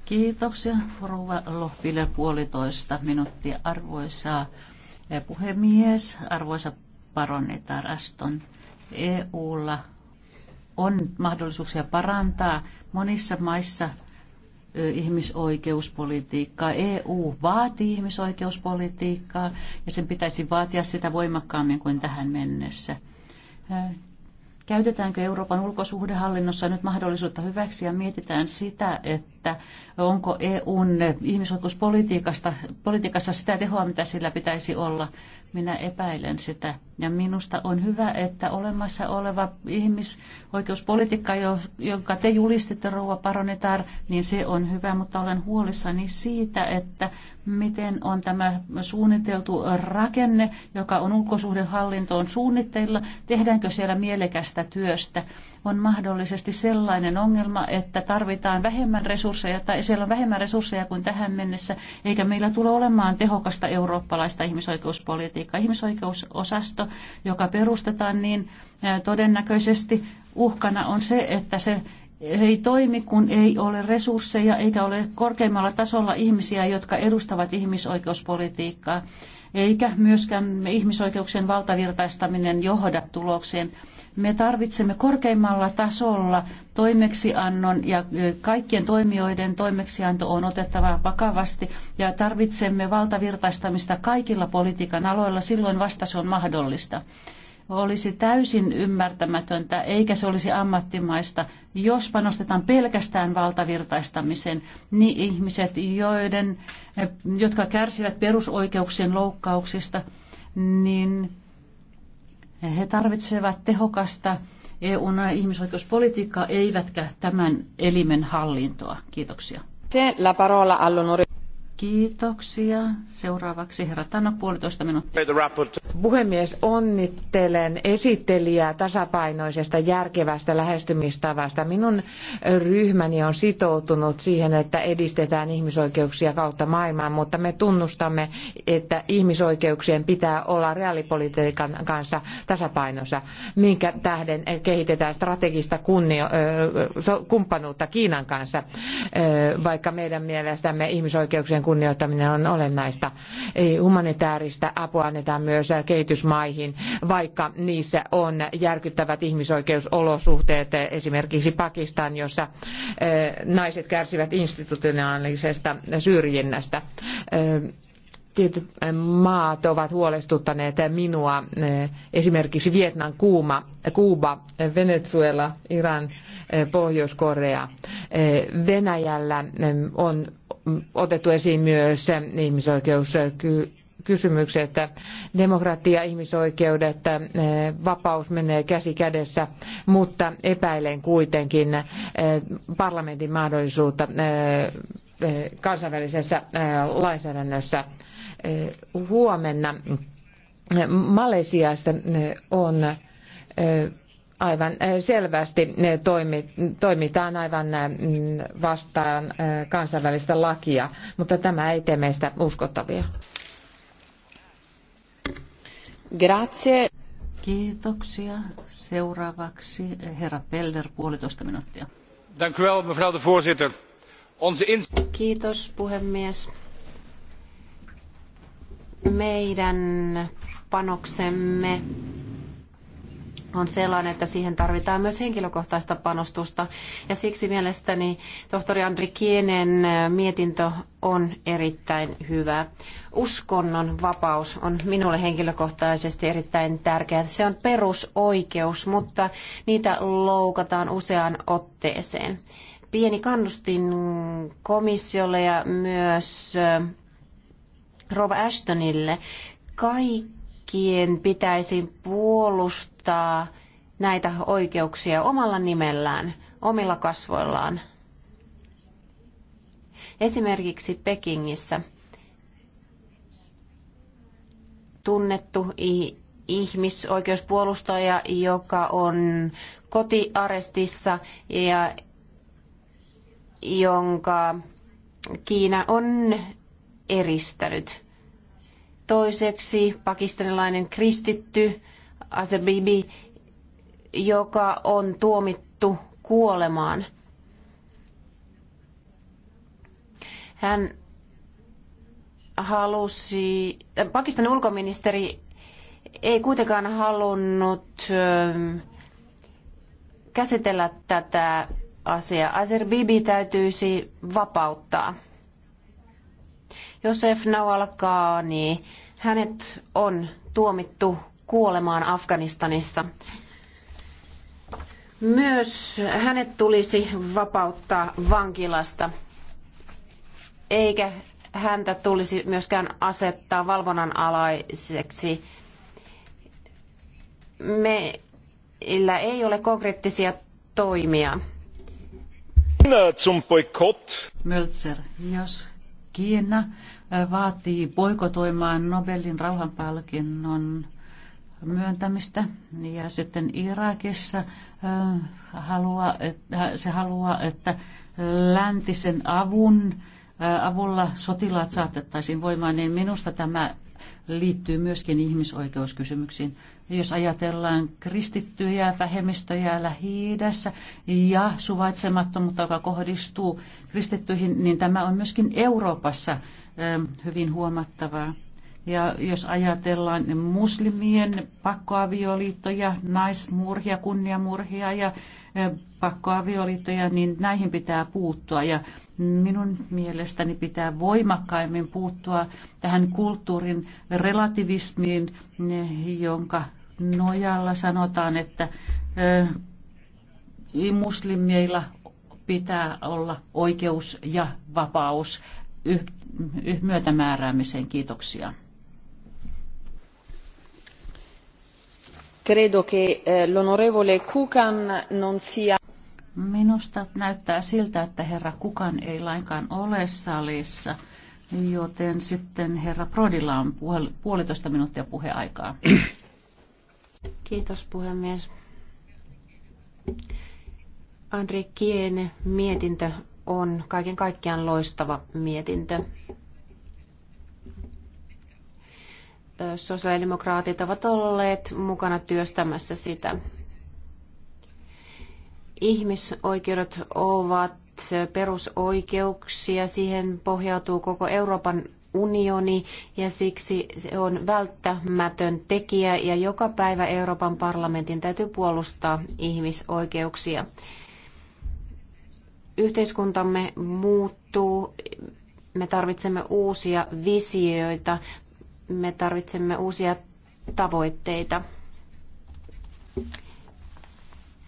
Kiitoksia. Rouva Lohpille puolitoista minuuttia. Arvoisa puhemies, arvoisa paroni taraston EUlla on mahdollisuuksia parantaa monissa maissa ihmisoikeuspolitiikkaa. EU vaatii ihmisoikeuspolitiikkaa ja sen pitäisi vaatia sitä voimakkaammin kuin tähän mennessä. Käytetäänkö Euroopan ulkosuhdehallinnossa nyt mahdollisuutta hyväksi ja mietitään sitä, että onko EUn ihmisoikeuspolitiikassa sitä tehoa, mitä sillä pitäisi olla? Minä epäilen sitä. Ja minusta on hyvä, että olemassa oleva ihmisoikeuspolitiikka, jonka te julistitte, rouva Paronitar, niin se on hyvä, mutta olen huolissani siitä, että miten on tämä suunniteltu rakenne, joka on ulkosuhdehallintoon suunnitteilla, tehdäänkö siellä mielekästä tästä työstä on mahdollisesti sellainen ongelma, että tarvitaan vähemmän resursseja tai siellä on vähemmän resursseja kuin tähän mennessä, eikä meillä tule olemaan tehokasta eurooppalaista ihmisoikeuspolitiikkaa. Ihmisoikeusosasto, joka perustetaan, niin todennäköisesti uhkana on se, että se ei toimi, kun ei ole resursseja eikä ole korkeimmalla tasolla ihmisiä, jotka edustavat ihmisoikeuspolitiikkaa eikä myöskään ihmisoikeuksien valtavirtaistaminen johda tulokseen. Me tarvitsemme korkeimmalla tasolla toimeksiannon ja kaikkien toimijoiden toimeksianto on otettava vakavasti ja tarvitsemme valtavirtaistamista kaikilla politiikan aloilla, silloin vasta se on mahdollista olisi täysin ymmärtämätöntä eikä se olisi ammattimaista, jos panostetaan pelkästään valtavirtaistamiseen. Niin ihmiset, joiden, jotka kärsivät perusoikeuksien loukkauksista, niin he tarvitsevat tehokasta EUn ihmisoikeuspolitiikkaa, eivätkä tämän elimen hallintoa. Kiitoksia. La parola all'onore. Kiitoksia. Seuraavaksi herra Tanno, puolitoista minuuttia. Puhemies, onnittelen esittelijää tasapainoisesta järkevästä lähestymistavasta. Minun ryhmäni on sitoutunut siihen, että edistetään ihmisoikeuksia kautta maailmaa, mutta me tunnustamme, että ihmisoikeuksien pitää olla reaalipolitiikan kanssa tasapainossa, minkä tähden kehitetään strategista kunnio, kumppanuutta Kiinan kanssa, vaikka meidän mielestämme ihmisoikeuksien kunnioittaminen on olennaista. Humanitaarista apua annetaan myös kehitysmaihin, vaikka niissä on järkyttävät ihmisoikeusolosuhteet, esimerkiksi Pakistan, jossa eh, naiset kärsivät institutionaalisesta syrjinnästä. Eh, tietyt eh, maat ovat huolestuttaneet minua, eh, esimerkiksi Vietnam, Kuuma, Kuuba, eh, Venezuela, Iran, Pohjois-Korea. Venäjällä on otettu esiin myös ihmisoikeuskysymykset, demokratia, ihmisoikeudet, vapaus menee käsi kädessä, mutta epäilen kuitenkin parlamentin mahdollisuutta kansainvälisessä lainsäädännössä Eh, huomenna eh, Malesiassa eh, on aivan selvästi toimitaan aivan vastaan kansainvälistä lakia, mutta tämä ei tee meistä uskottavia. Grazie. Kiitoksia. Seuraavaksi herra Pelder, puolitoista minuuttia. Dank u wel, mevrouw de voorzitter. Onze Kiitos, puhemies meidän panoksemme on sellainen, että siihen tarvitaan myös henkilökohtaista panostusta. Ja siksi mielestäni tohtori Andri Kienen mietintö on erittäin hyvä. Uskonnon vapaus on minulle henkilökohtaisesti erittäin tärkeä. Se on perusoikeus, mutta niitä loukataan useaan otteeseen. Pieni kannustin komissiolle ja myös Rova Ashtonille. Kaikkien pitäisi puolustaa näitä oikeuksia omalla nimellään, omilla kasvoillaan. Esimerkiksi Pekingissä tunnettu ihmisoikeuspuolustaja, joka on kotiarestissa ja jonka Kiina on eristänyt. Toiseksi pakistanilainen kristitty Azebibi, joka on tuomittu kuolemaan. Hän halusi, äh, Pakistanin ulkoministeri ei kuitenkaan halunnut ähm, käsitellä tätä asiaa. Azerbibi täytyisi vapauttaa. Josef Nawalkaani, hänet on tuomittu kuolemaan Afganistanissa. Myös hänet tulisi vapauttaa vankilasta, eikä häntä tulisi myöskään asettaa valvonnan alaiseksi. Meillä ei ole konkreettisia toimia. Mölzer, jos Kiina vaatii poikotoimaan Nobelin rauhanpalkinnon myöntämistä. Ja sitten Irakissa se haluaa, että läntisen avun avulla sotilaat saatettaisiin voimaan, niin minusta tämä liittyy myöskin ihmisoikeuskysymyksiin. Jos ajatellaan kristittyjä vähemmistöjä lähi ja suvaitsemattomuutta, joka kohdistuu kristittyihin, niin tämä on myöskin Euroopassa ähm, hyvin huomattavaa. Ja jos ajatellaan muslimien pakkoavioliittoja, naismurhia, kunniamurhia ja pakkoavioliittoja, niin näihin pitää puuttua. Ja minun mielestäni pitää voimakkaimmin puuttua tähän kulttuurin relativismiin, jonka nojalla sanotaan, että muslimeilla pitää olla oikeus ja vapaus myötämääräämiseen. Kiitoksia. Credo che eh, l'onorevole Kukan non sia... Minusta näyttää siltä, että herra Kukan ei lainkaan ole salissa, joten sitten herra Prodilla on puolitoista minuuttia puheaikaa. Kiitos puhemies. Andri Kiene mietintö on kaiken kaikkiaan loistava mietintö. sosiaalidemokraatit ovat olleet mukana työstämässä sitä. Ihmisoikeudet ovat perusoikeuksia, siihen pohjautuu koko Euroopan unioni ja siksi se on välttämätön tekijä ja joka päivä Euroopan parlamentin täytyy puolustaa ihmisoikeuksia. Yhteiskuntamme muuttuu, me tarvitsemme uusia visioita, me tarvitsemme uusia tavoitteita.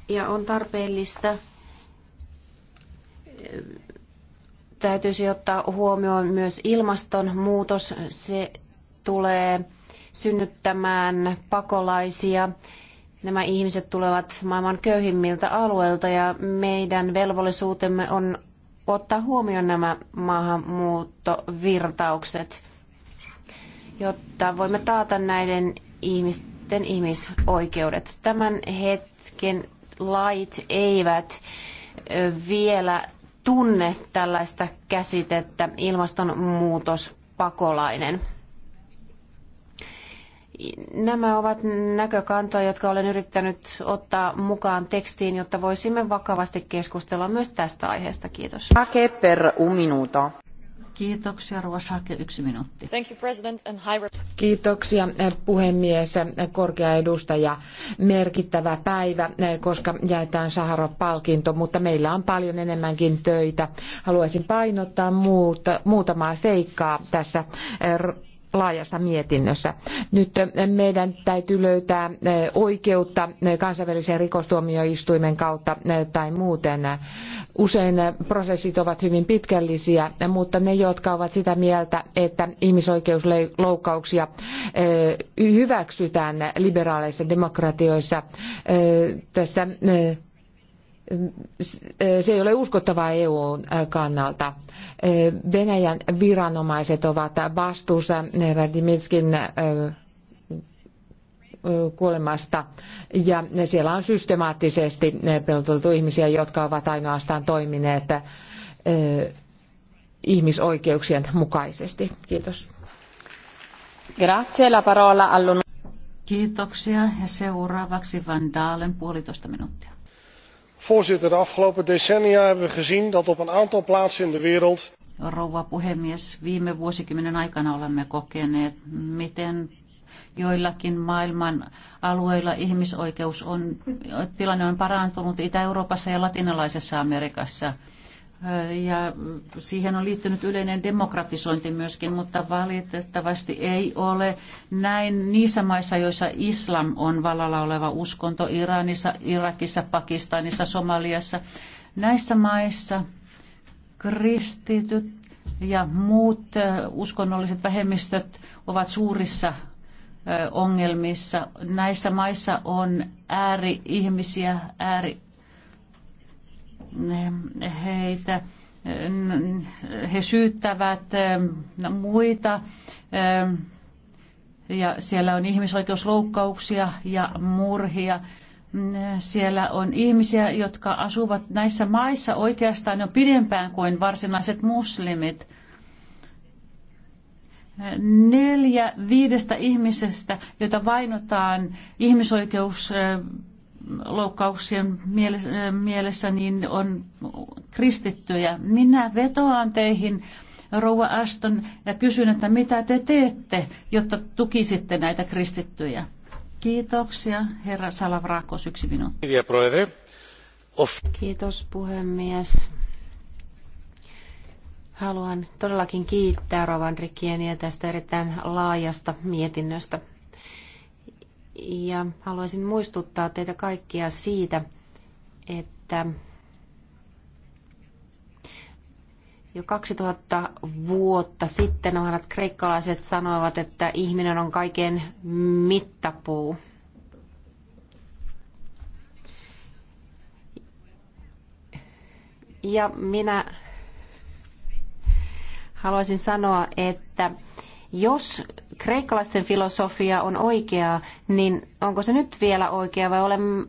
Ja on tarpeellista, täytyisi ottaa huomioon myös ilmastonmuutos. Se tulee synnyttämään pakolaisia. Nämä ihmiset tulevat maailman köyhimmiltä alueilta ja meidän velvollisuutemme on ottaa huomioon nämä maahanmuuttovirtaukset – jotta voimme taata näiden ihmisten ihmisoikeudet. Tämän hetken lait eivät vielä tunne tällaista käsitettä ilmastonmuutospakolainen. Nämä ovat näkökantoja, jotka olen yrittänyt ottaa mukaan tekstiin, jotta voisimme vakavasti keskustella myös tästä aiheesta. Kiitos. Ake per un minuto. Kiitoksia, Ruosake, yksi minuutti. Kiitoksia, eh, puhemies, eh, korkea edustaja. Merkittävä päivä, eh, koska jaetaan Sahara-palkinto, mutta meillä on paljon enemmänkin töitä. Haluaisin painottaa muutamaa seikkaa tässä laajassa mietinnössä. Nyt meidän täytyy löytää oikeutta kansainvälisen rikostuomioistuimen kautta tai muuten. Usein prosessit ovat hyvin pitkällisiä, mutta ne, jotka ovat sitä mieltä, että ihmisoikeusloukkauksia hyväksytään liberaaleissa demokratioissa, tässä se ei ole uskottavaa n kannalta. Venäjän viranomaiset ovat vastuussa Radimitskin kuolemasta ja siellä on systemaattisesti peloteltu ihmisiä, jotka ovat ainoastaan toimineet ihmisoikeuksien mukaisesti. Kiitos. Grazie la parola all'on... Kiitoksia ja seuraavaksi Van Daalen puolitoista minuuttia. Voorzitter, de afgelopen decennia hebben we gezien dat op een aantal plaatsen in de wereld. Rouva puhemies, viime vuosikymmenen aikana olemme kokeneet, miten joillakin maailman alueilla ihmisoikeus on, tilanne on parantunut Itä-Euroopassa ja Latinalaisessa Amerikassa ja siihen on liittynyt yleinen demokratisointi myöskin, mutta valitettavasti ei ole näin niissä maissa, joissa islam on valalla oleva uskonto, Iranissa, Irakissa, Pakistanissa, Somaliassa. Näissä maissa kristityt ja muut uskonnolliset vähemmistöt ovat suurissa ongelmissa. Näissä maissa on ääri-ihmisiä, ääri heitä he syyttävät ähm, muita ähm, ja siellä on ihmisoikeusloukkauksia ja murhia. Mm, siellä on ihmisiä, jotka asuvat näissä maissa oikeastaan jo pidempään kuin varsinaiset muslimit. Neljä viidestä ihmisestä, joita vainotaan ihmisoikeus äh, loukkauksien mielessä, äh, mielessä niin on kristittyjä. Minä vetoan teihin, rouva Aston, ja kysyn, että mitä te teette, jotta tukisitte näitä kristittyjä. Kiitoksia, herra Salavrakos, yksi minuutti. Kiitos puhemies. Haluan todellakin kiittää Rovanrikieniä tästä erittäin laajasta mietinnöstä. Ja haluaisin muistuttaa teitä kaikkia siitä, että jo 2000 vuotta sitten vanhat kreikkalaiset sanoivat, että ihminen on kaiken mittapuu. Ja minä haluaisin sanoa, että jos kreikkalaisten filosofia on oikeaa, niin onko se nyt vielä oikea vai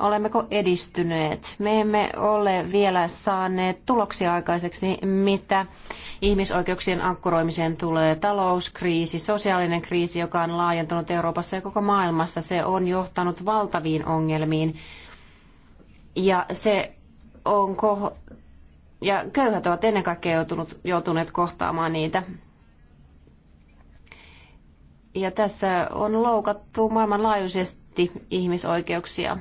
olemmeko edistyneet? Me emme ole vielä saaneet tuloksia aikaiseksi, mitä ihmisoikeuksien ankkuroimiseen tulee. Talouskriisi, sosiaalinen kriisi, joka on laajentunut Euroopassa ja koko maailmassa, se on johtanut valtaviin ongelmiin. Ja se onko ja köyhät ovat ennen kaikkea joutuneet kohtaamaan niitä. Ja tässä on loukattu maailmanlaajuisesti ihmisoikeuksia.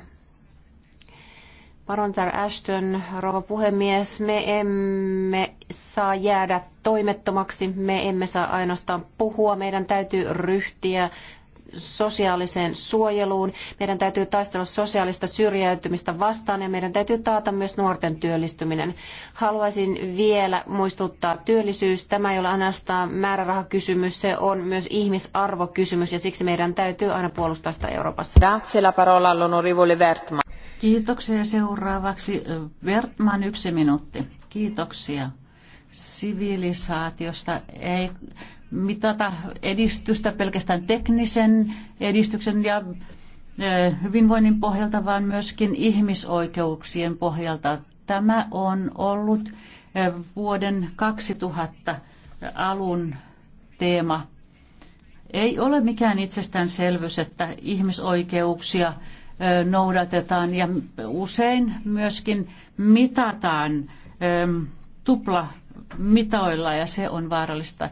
Parontar Ashton, rouva puhemies, me emme saa jäädä toimettomaksi, me emme saa ainoastaan puhua, meidän täytyy ryhtiä sosiaaliseen suojeluun. Meidän täytyy taistella sosiaalista syrjäytymistä vastaan ja meidän täytyy taata myös nuorten työllistyminen. Haluaisin vielä muistuttaa työllisyys. Tämä ei ole ainoastaan määrärahakysymys, se on myös ihmisarvokysymys ja siksi meidän täytyy aina puolustaa sitä Euroopassa. Kiitoksia seuraavaksi. Vertman yksi minuutti. Kiitoksia sivilisaatiosta ei mitata edistystä pelkästään teknisen edistyksen ja hyvinvoinnin pohjalta, vaan myöskin ihmisoikeuksien pohjalta. Tämä on ollut vuoden 2000 alun teema. Ei ole mikään itsestäänselvyys, että ihmisoikeuksia noudatetaan ja usein myöskin mitataan tupla mitoilla ja se on vaarallista.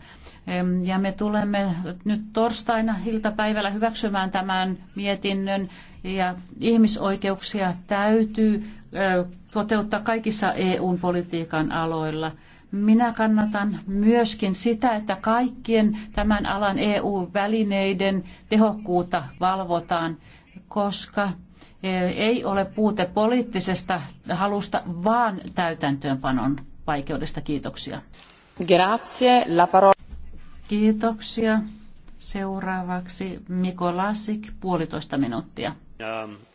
Ja me tulemme nyt torstaina iltapäivällä hyväksymään tämän mietinnön ja ihmisoikeuksia täytyy toteuttaa kaikissa EUn politiikan aloilla. Minä kannatan myöskin sitä, että kaikkien tämän alan EU-välineiden tehokkuutta valvotaan, koska ei ole puute poliittisesta halusta, vaan täytäntöönpanon vaikeudesta. Kiitoksia. Grazie. La parola. Kiitoksia. Seuraavaksi Miko Lasik, puolitoista minuuttia.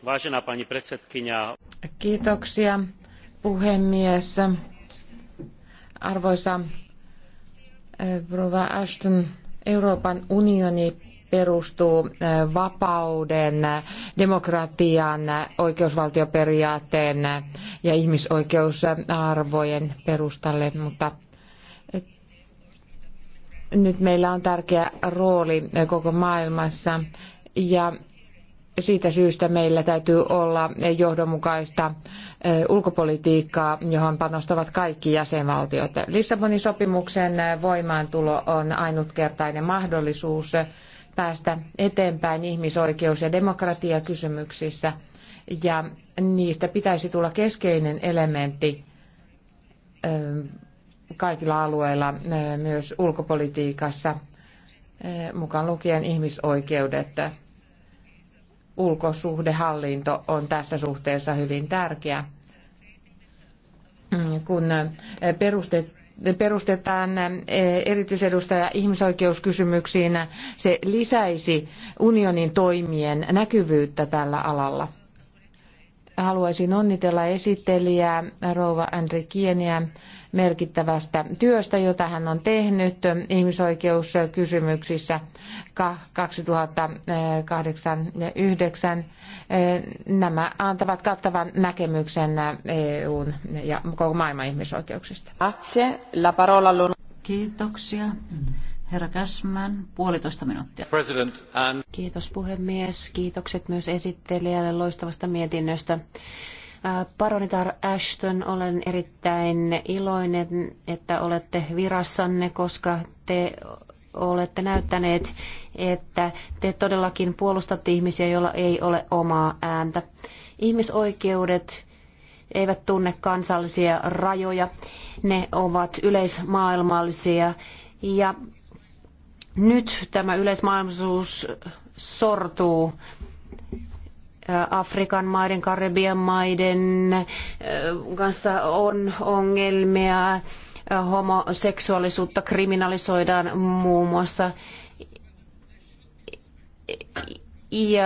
Vážená pani predsedkynia. Kiitoksia puhemies. Arvoisa eh, Rova Ashton, Euroopan unioni perustuu eh, vapauden, demokratian, oikeusvaltioperiaatteen ja ihmisoikeusarvojen perustalle, mutta nyt meillä on tärkeä rooli koko maailmassa ja siitä syystä meillä täytyy olla johdonmukaista ulkopolitiikkaa, johon panostavat kaikki jäsenvaltiot. Lissabonin sopimuksen voimaantulo on ainutkertainen mahdollisuus päästä eteenpäin ihmisoikeus- ja demokratiakysymyksissä, ja niistä pitäisi tulla keskeinen elementti kaikilla alueilla, eh, myös ulkopolitiikassa, eh, mukaan lukien ihmisoikeudet. Ulkosuhdehallinto on tässä suhteessa hyvin tärkeä. Mm, kun eh, perustetaan erityisedustaja ihmisoikeuskysymyksiin, se lisäisi unionin toimien näkyvyyttä tällä alalla. Haluaisin onnitella esittelijää Rouva Andri Kieniä merkittävästä työstä, jota hän on tehnyt ihmisoikeuskysymyksissä 2008-2009. Nämä antavat kattavan näkemyksen EUn ja koko maailman ihmisoikeuksista. Kiitoksia. Herra Käsmän, puolitoista minuuttia. Kiitos puhemies. Kiitokset myös esittelijälle loistavasta mietinnöstä. Paronitar Ashton, olen erittäin iloinen, että olette virassanne, koska te olette näyttäneet, että te todellakin puolustatte ihmisiä, joilla ei ole omaa ääntä. Ihmisoikeudet eivät tunne kansallisia rajoja, ne ovat yleismaailmallisia ja nyt tämä yleismaailmallisuus sortuu Afrikan maiden, Karibian maiden kanssa on ongelmia. Homoseksuaalisuutta kriminalisoidaan muun muassa. Ja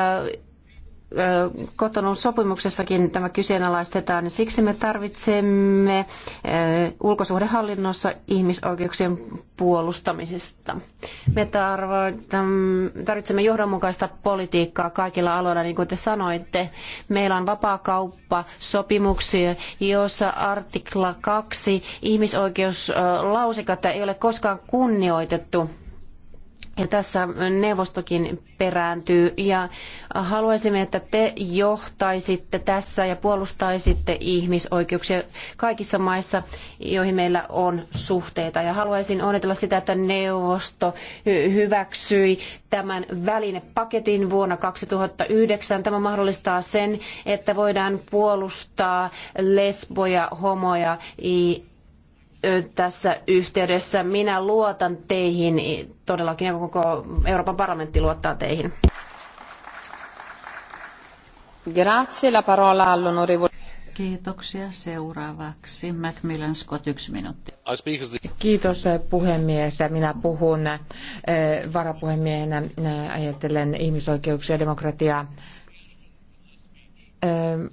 kotonun sopimuksessakin tämä kyseenalaistetaan, niin siksi me tarvitsemme ulkosuhdehallinnossa ihmisoikeuksien puolustamisesta. Me tarvitsemme johdonmukaista politiikkaa kaikilla aloilla, niin kuin te sanoitte. Meillä on vapaakauppa, sopimuksia, joissa artikla 2 ihmisoikeuslausekata ei ole koskaan kunnioitettu ja tässä neuvostokin perääntyy ja haluaisimme, että te johtaisitte tässä ja puolustaisitte ihmisoikeuksia kaikissa maissa, joihin meillä on suhteita. Ja haluaisin onnitella sitä, että neuvosto hyväksyi tämän välinepaketin vuonna 2009. Tämä mahdollistaa sen, että voidaan puolustaa lesboja, homoja tässä yhteydessä. Minä luotan teihin todellakin ja koko Euroopan parlamentti luottaa teihin. Grazie, la parola all'onorevole. Kiitoksia. Seuraavaksi Macmillan Scott, yksi minuutti. Kiitos eh, puhemies. Minä puhun eh, varapuhemiehenä eh, ajatellen ihmisoikeuksia ja demokratiaa.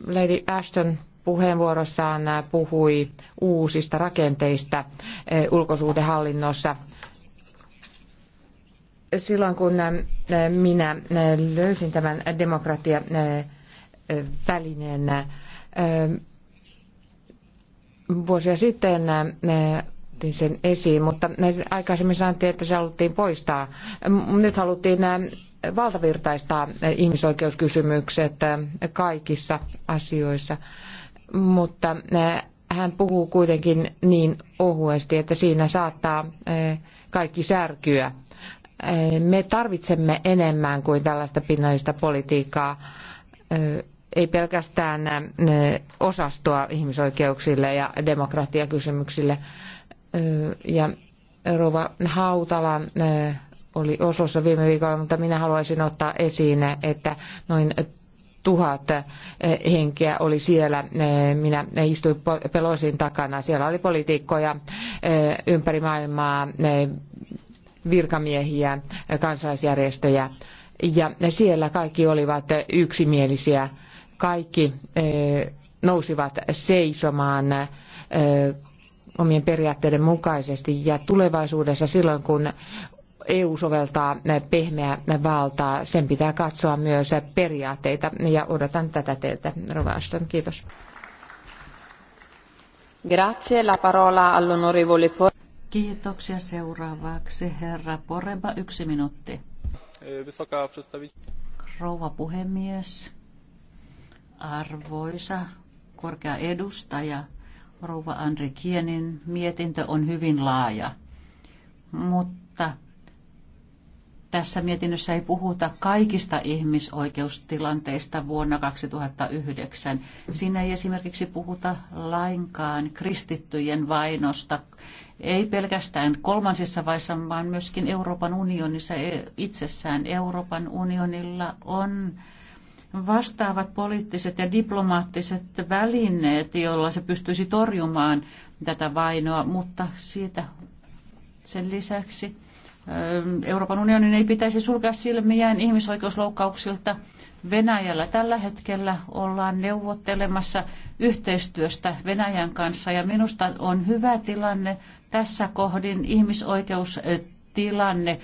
Lady Ashton, puheenvuorossaan puhui uusista rakenteista eh, ulkosuhdehallinnossa. Silloin kun eh, minä eh, löysin tämän demokratiavälineen välineen vuosia sitten otin sen esiin, mutta aikaisemmin sanottiin, että se haluttiin poistaa. Nyt haluttiin valtavirtaistaa ihmisoikeuskysymykset kaikissa asioissa mutta eh, hän puhuu kuitenkin niin ohuesti, että siinä saattaa eh, kaikki särkyä. Eh, me tarvitsemme enemmän kuin tällaista pinnallista politiikkaa, ei pelkästään osastoa ihmisoikeuksille ja demokratiakysymyksille. Ja Rova Hautala oli osossa viime viikolla, mutta minä haluaisin ottaa esiin, että noin tuhat henkeä oli siellä. Minä istuin Pelosin takana. Siellä oli poliitikkoja eh, ympäri maailmaa, eh, virkamiehiä, eh, kansalaisjärjestöjä. Ja siellä kaikki olivat yksimielisiä. Kaikki nousivat seisomaan omien periaatteiden mukaisesti ja tulevaisuudessa silloin, kun EU soveltaa pehmeää valtaa, sen pitää katsoa myös periaatteita ja odotan tätä teiltä, Rovaston. Kiitos. Grazie, la parola all'onorevole Kiitoksia. Seuraavaksi herra Poreba, yksi minuutti. Rouva puhemies, arvoisa korkea edustaja, rouva Andri Kienin mietintö on hyvin laaja, mutta tässä mietinnössä ei puhuta kaikista ihmisoikeustilanteista vuonna 2009. Siinä ei esimerkiksi puhuta lainkaan kristittyjen vainosta, ei pelkästään kolmansissa vaiheissa, vaan myöskin Euroopan unionissa e- itsessään. Euroopan unionilla on vastaavat poliittiset ja diplomaattiset välineet, joilla se pystyisi torjumaan tätä vainoa, mutta siitä sen lisäksi Euroopan unionin ei pitäisi sulkea silmiään ihmisoikeusloukkauksilta. Venäjällä tällä hetkellä ollaan neuvottelemassa yhteistyöstä Venäjän kanssa ja minusta on hyvä tilanne tässä kohdin ihmisoikeustilanne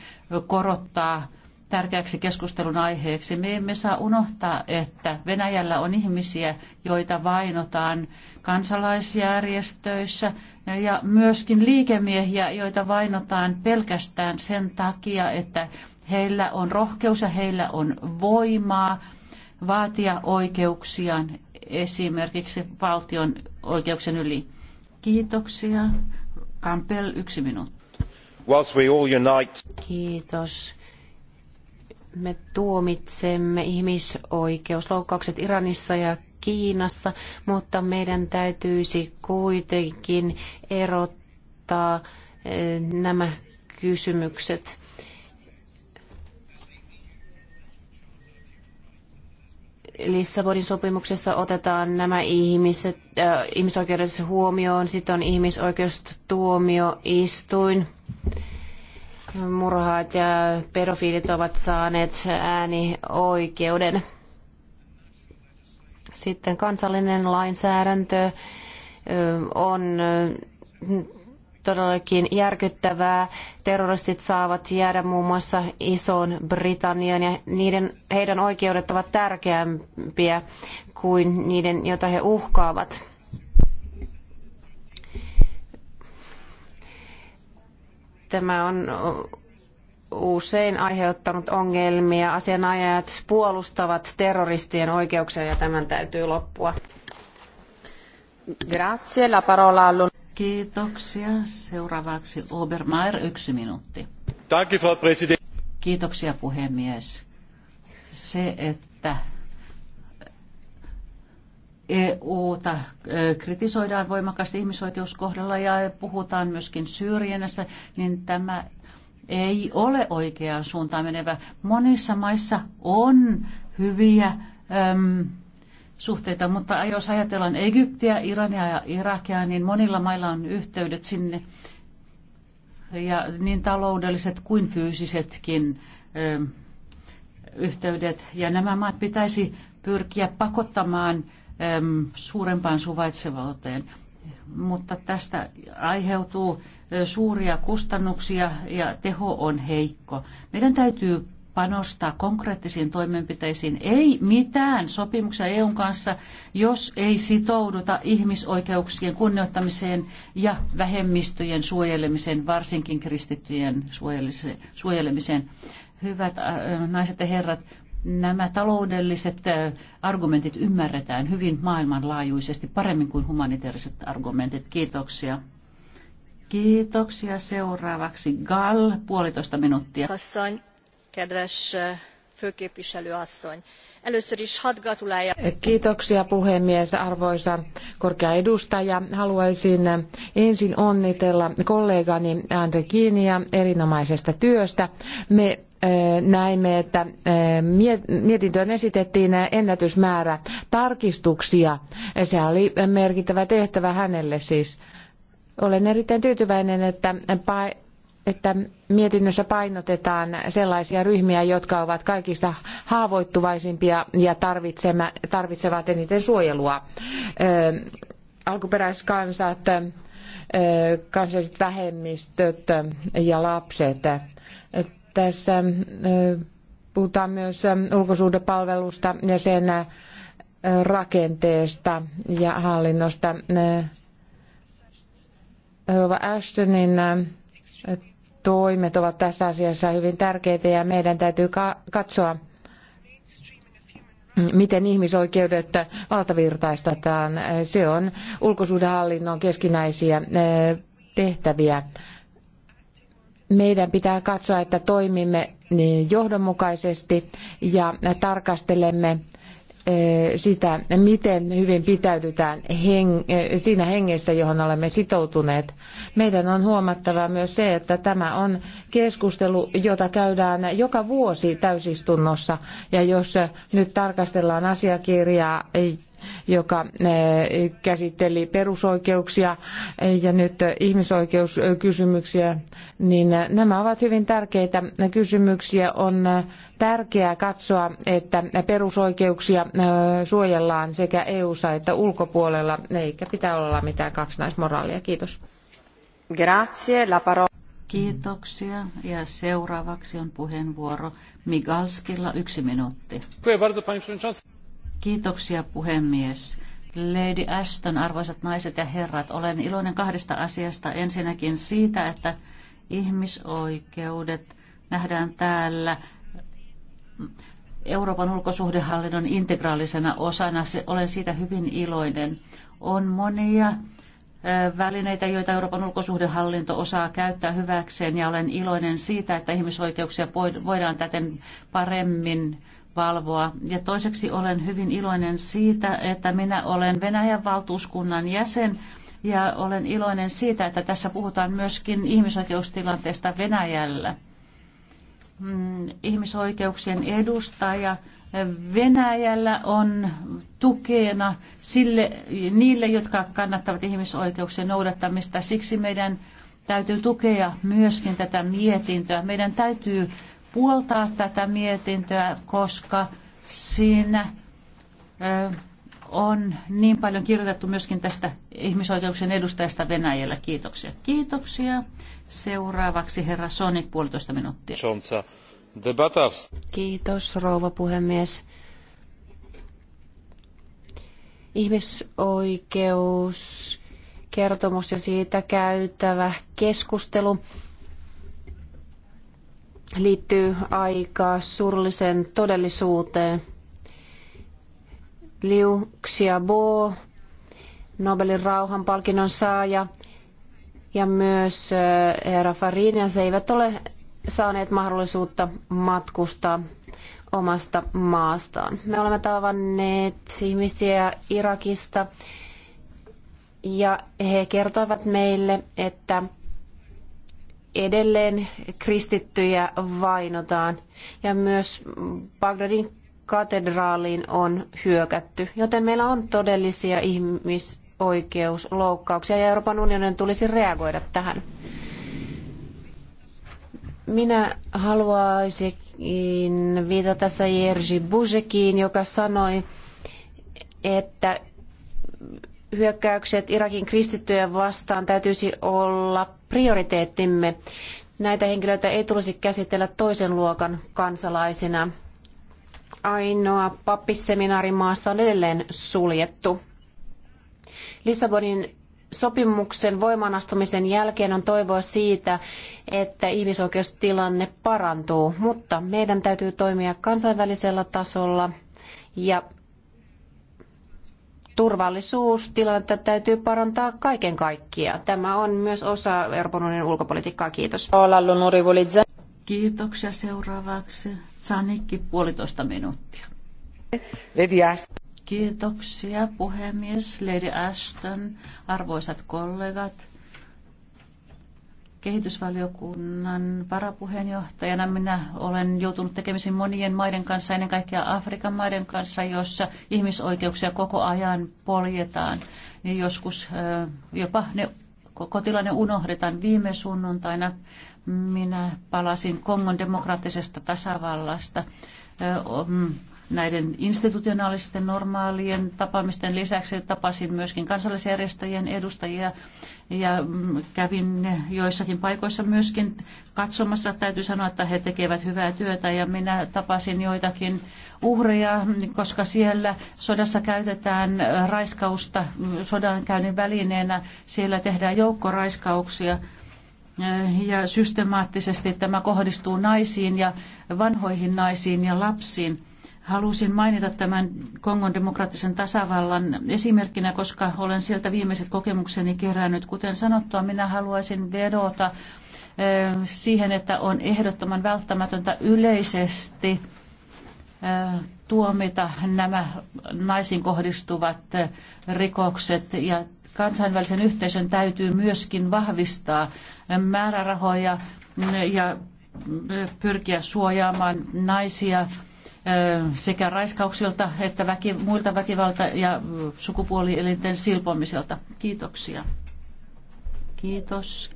korottaa tärkeäksi keskustelun aiheeksi. Me emme saa unohtaa, että Venäjällä on ihmisiä, joita vainotaan kansalaisjärjestöissä ja myöskin liikemiehiä, joita vainotaan pelkästään sen takia, että heillä on rohkeus ja heillä on voimaa vaatia oikeuksiaan esimerkiksi valtion oikeuksien yli. Kiitoksia. Kampel, yksi minuutti. Kiitos me tuomitsemme ihmisoikeusloukkaukset Iranissa ja Kiinassa, mutta meidän täytyisi kuitenkin erottaa eh, nämä kysymykset. Lissabonin sopimuksessa otetaan nämä ihmiset, äh, ihmisoikeudet huomioon, sitten on ihmisoikeustuomioistuin murhaat ja pedofiilit ovat saaneet äänioikeuden. Sitten kansallinen lainsäädäntö on todellakin järkyttävää. Terroristit saavat jäädä muun muassa isoon Britanniaan ja niiden, heidän oikeudet ovat tärkeämpiä kuin niiden, joita he uhkaavat. Tämä on usein aiheuttanut ongelmia. Asianajajat puolustavat terroristien oikeuksia ja tämän täytyy loppua. Grazie, la parola Kiitoksia. Seuraavaksi Obermeier, yksi minuutti. Danke, Frau Kiitoksia puhemies. Se, että EUta kritisoidaan voimakkaasti ihmisoikeuskohdalla ja puhutaan myöskin syrjinnässä, niin tämä ei ole oikeaan suuntaan menevä. Monissa maissa on hyviä äm, suhteita, mutta jos ajatellaan Egyptiä, Irania ja Irakia, niin monilla mailla on yhteydet sinne ja niin taloudelliset kuin fyysisetkin äm, yhteydet. Ja nämä maat pitäisi pyrkiä pakottamaan suurempaan suvaitsevauteen. Mutta tästä aiheutuu e, suuria kustannuksia ja teho on heikko. Meidän täytyy panostaa konkreettisiin toimenpiteisiin. Ei mitään sopimuksia EUn kanssa, jos ei sitouduta ihmisoikeuksien kunnioittamiseen ja vähemmistöjen suojelemiseen, varsinkin kristittyjen suojelemiseen. Hyvät naiset ja herrat, nämä taloudelliset argumentit ymmärretään hyvin maailmanlaajuisesti paremmin kuin humanitaariset argumentit. Kiitoksia. Kiitoksia. Seuraavaksi Gall, puolitoista minuuttia. Asszony, kedves főképviselőasszony. Kiitoksia puhemies, arvoisa korkea edustaja. Haluaisin ensin onnitella kollegani Andre Kiinia erinomaisesta työstä. Me näimme, että mietintöön esitettiin ennätysmäärä tarkistuksia. Se oli merkittävä tehtävä hänelle siis. Olen erittäin tyytyväinen, että, että mietinnössä painotetaan sellaisia ryhmiä, jotka ovat kaikista haavoittuvaisimpia ja tarvitsevat eniten suojelua. Alkuperäiskansat, kansalliset vähemmistöt ja lapset tässä puhutaan myös ulkosuhdepalvelusta ja sen rakenteesta ja hallinnosta. Rova Ashtonin toimet ovat tässä asiassa hyvin tärkeitä ja meidän täytyy katsoa, miten ihmisoikeudet valtavirtaistetaan. Se on ulkosuhdehallinnon keskinäisiä tehtäviä meidän pitää katsoa, että toimimme eh, johdonmukaisesti ja tarkastelemme eh, sitä, miten hyvin pitäydytään eh, siinä hengessä, johon olemme sitoutuneet. Meidän on huomattava myös se, että tämä on keskustelu, jota käydään joka vuosi täysistunnossa. Ja jos nyt tarkastellaan asiakirjaa, joka eh, käsitteli perusoikeuksia ja nyt ihmisoikeuskysymyksiä, niin eh, nämä ovat hyvin tärkeitä kysymyksiä. On eh, tärkeää katsoa, että perusoikeuksia suojellaan sekä eu että ulkopuolella, eikä pitää olla mitään kaksinaismoraalia. Kiitos. Grazie, la parola. Kiitoksia. Ja seuraavaksi on puheenvuoro Migalskilla yksi minuutti. Kiitos, Kiitoksia puhemies. Lady Ashton, arvoisat naiset ja herrat, olen iloinen kahdesta asiasta. Ensinnäkin siitä, että ihmisoikeudet nähdään täällä Euroopan ulkosuhdehallinnon integraalisena osana. Olen siitä hyvin iloinen. On monia välineitä, joita Euroopan ulkosuhdehallinto osaa käyttää hyväkseen ja olen iloinen siitä, että ihmisoikeuksia voidaan täten paremmin valvoa. Ja toiseksi olen hyvin iloinen siitä, että minä olen Venäjän valtuuskunnan jäsen ja olen iloinen siitä, että tässä puhutaan myöskin ihmisoikeustilanteesta Venäjällä. Mm, ihmisoikeuksien edustaja Venäjällä on tukena sille, niille, jotka kannattavat ihmisoikeuksien noudattamista. Siksi meidän täytyy tukea myöskin tätä mietintöä. Meidän täytyy puoltaa tätä mietintöä, koska siinä on niin paljon kirjoitettu myöskin tästä ihmisoikeuksien edustajasta Venäjällä. Kiitoksia. Kiitoksia. Seuraavaksi herra Sonik, puolitoista minuuttia. Kiitos, rouva puhemies. Ihmisoikeuskertomus ja siitä käytävä keskustelu liittyy aika surulliseen todellisuuteen. Liu Xiaobo, Nobelin rauhanpalkinnon saaja, ja myös herra Farinias eivät ole saaneet mahdollisuutta matkustaa omasta maastaan. Me olemme tavanneet ihmisiä Irakista ja he kertoivat meille, että edelleen kristittyjä vainotaan ja myös Bagdadin katedraaliin on hyökätty, joten meillä on todellisia ihmisoikeusloukkauksia ja Euroopan unionin tulisi reagoida tähän. Minä haluaisin viitata tässä Jerzy Buzekiin, joka sanoi, että hyökkäykset Irakin kristittyjä vastaan täytyisi olla prioriteettimme. Näitä henkilöitä ei tulisi käsitellä toisen luokan kansalaisina. Ainoa pappisseminaari maassa on edelleen suljettu. Lissabonin sopimuksen voimaanastumisen jälkeen on toivoa siitä, että ihmisoikeustilanne parantuu, mutta meidän täytyy toimia kansainvälisellä tasolla ja turvallisuustilannetta täytyy parantaa kaiken kaikkiaan. Tämä on myös osa Euroopan unionin ulkopolitiikkaa. Kiitos. Kiitoksia seuraavaksi. Zanikki puolitoista minuuttia. Kiitoksia puhemies, Lady Ashton, arvoisat kollegat. Kehitysvaliokunnan varapuheenjohtajana minä olen joutunut tekemisiin monien maiden kanssa, ennen kaikkea Afrikan maiden kanssa, joissa ihmisoikeuksia koko ajan poljetaan. Ja joskus jopa ne kotilainen unohdetaan. Viime sunnuntaina minä palasin Kongon demokraattisesta tasavallasta näiden institutionaalisten normaalien tapaamisten lisäksi tapasin myöskin kansallisjärjestöjen edustajia ja mm, kävin joissakin paikoissa myöskin katsomassa. Täytyy sanoa, että he tekevät hyvää työtä ja minä tapasin joitakin uhreja, koska siellä sodassa käytetään raiskausta sodankäynnin välineenä. Siellä tehdään joukkoraiskauksia eh, ja systemaattisesti tämä kohdistuu naisiin ja vanhoihin naisiin ja lapsiin Halusin mainita tämän Kongon demokraattisen tasavallan esimerkkinä, koska olen sieltä viimeiset kokemukseni kerännyt. Kuten sanottua, minä haluaisin vedota siihen, että on ehdottoman välttämätöntä yleisesti tuomita nämä naisiin kohdistuvat rikokset ja kansainvälisen yhteisön täytyy myöskin vahvistaa määrärahoja ja pyrkiä suojaamaan naisia sekä raiskauksilta että väki, muilta väkivalta- ja sukupuolielinten silpomiselta. Kiitoksia. Kiitos.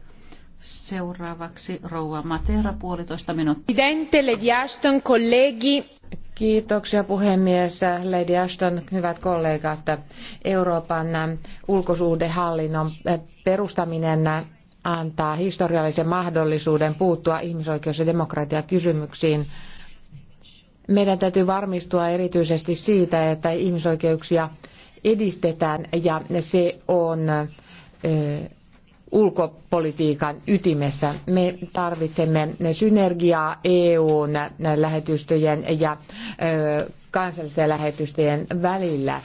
Seuraavaksi rouva Matera, puolitoista minuuttia. Presidente, Lady Ashton, kollegi. Kiitoksia puhemies, Lady Ashton, hyvät kollegat. Euroopan ulkosuhdehallinnon perustaminen antaa historiallisen mahdollisuuden puuttua ihmisoikeus- ja demokratiakysymyksiin kysymyksiin meidän täytyy varmistua erityisesti siitä, että ihmisoikeuksia edistetään ja se on ulkopolitiikan ytimessä. Me tarvitsemme synergiaa EUn lähetystöjen ja kansallisen lähetystöjen välillä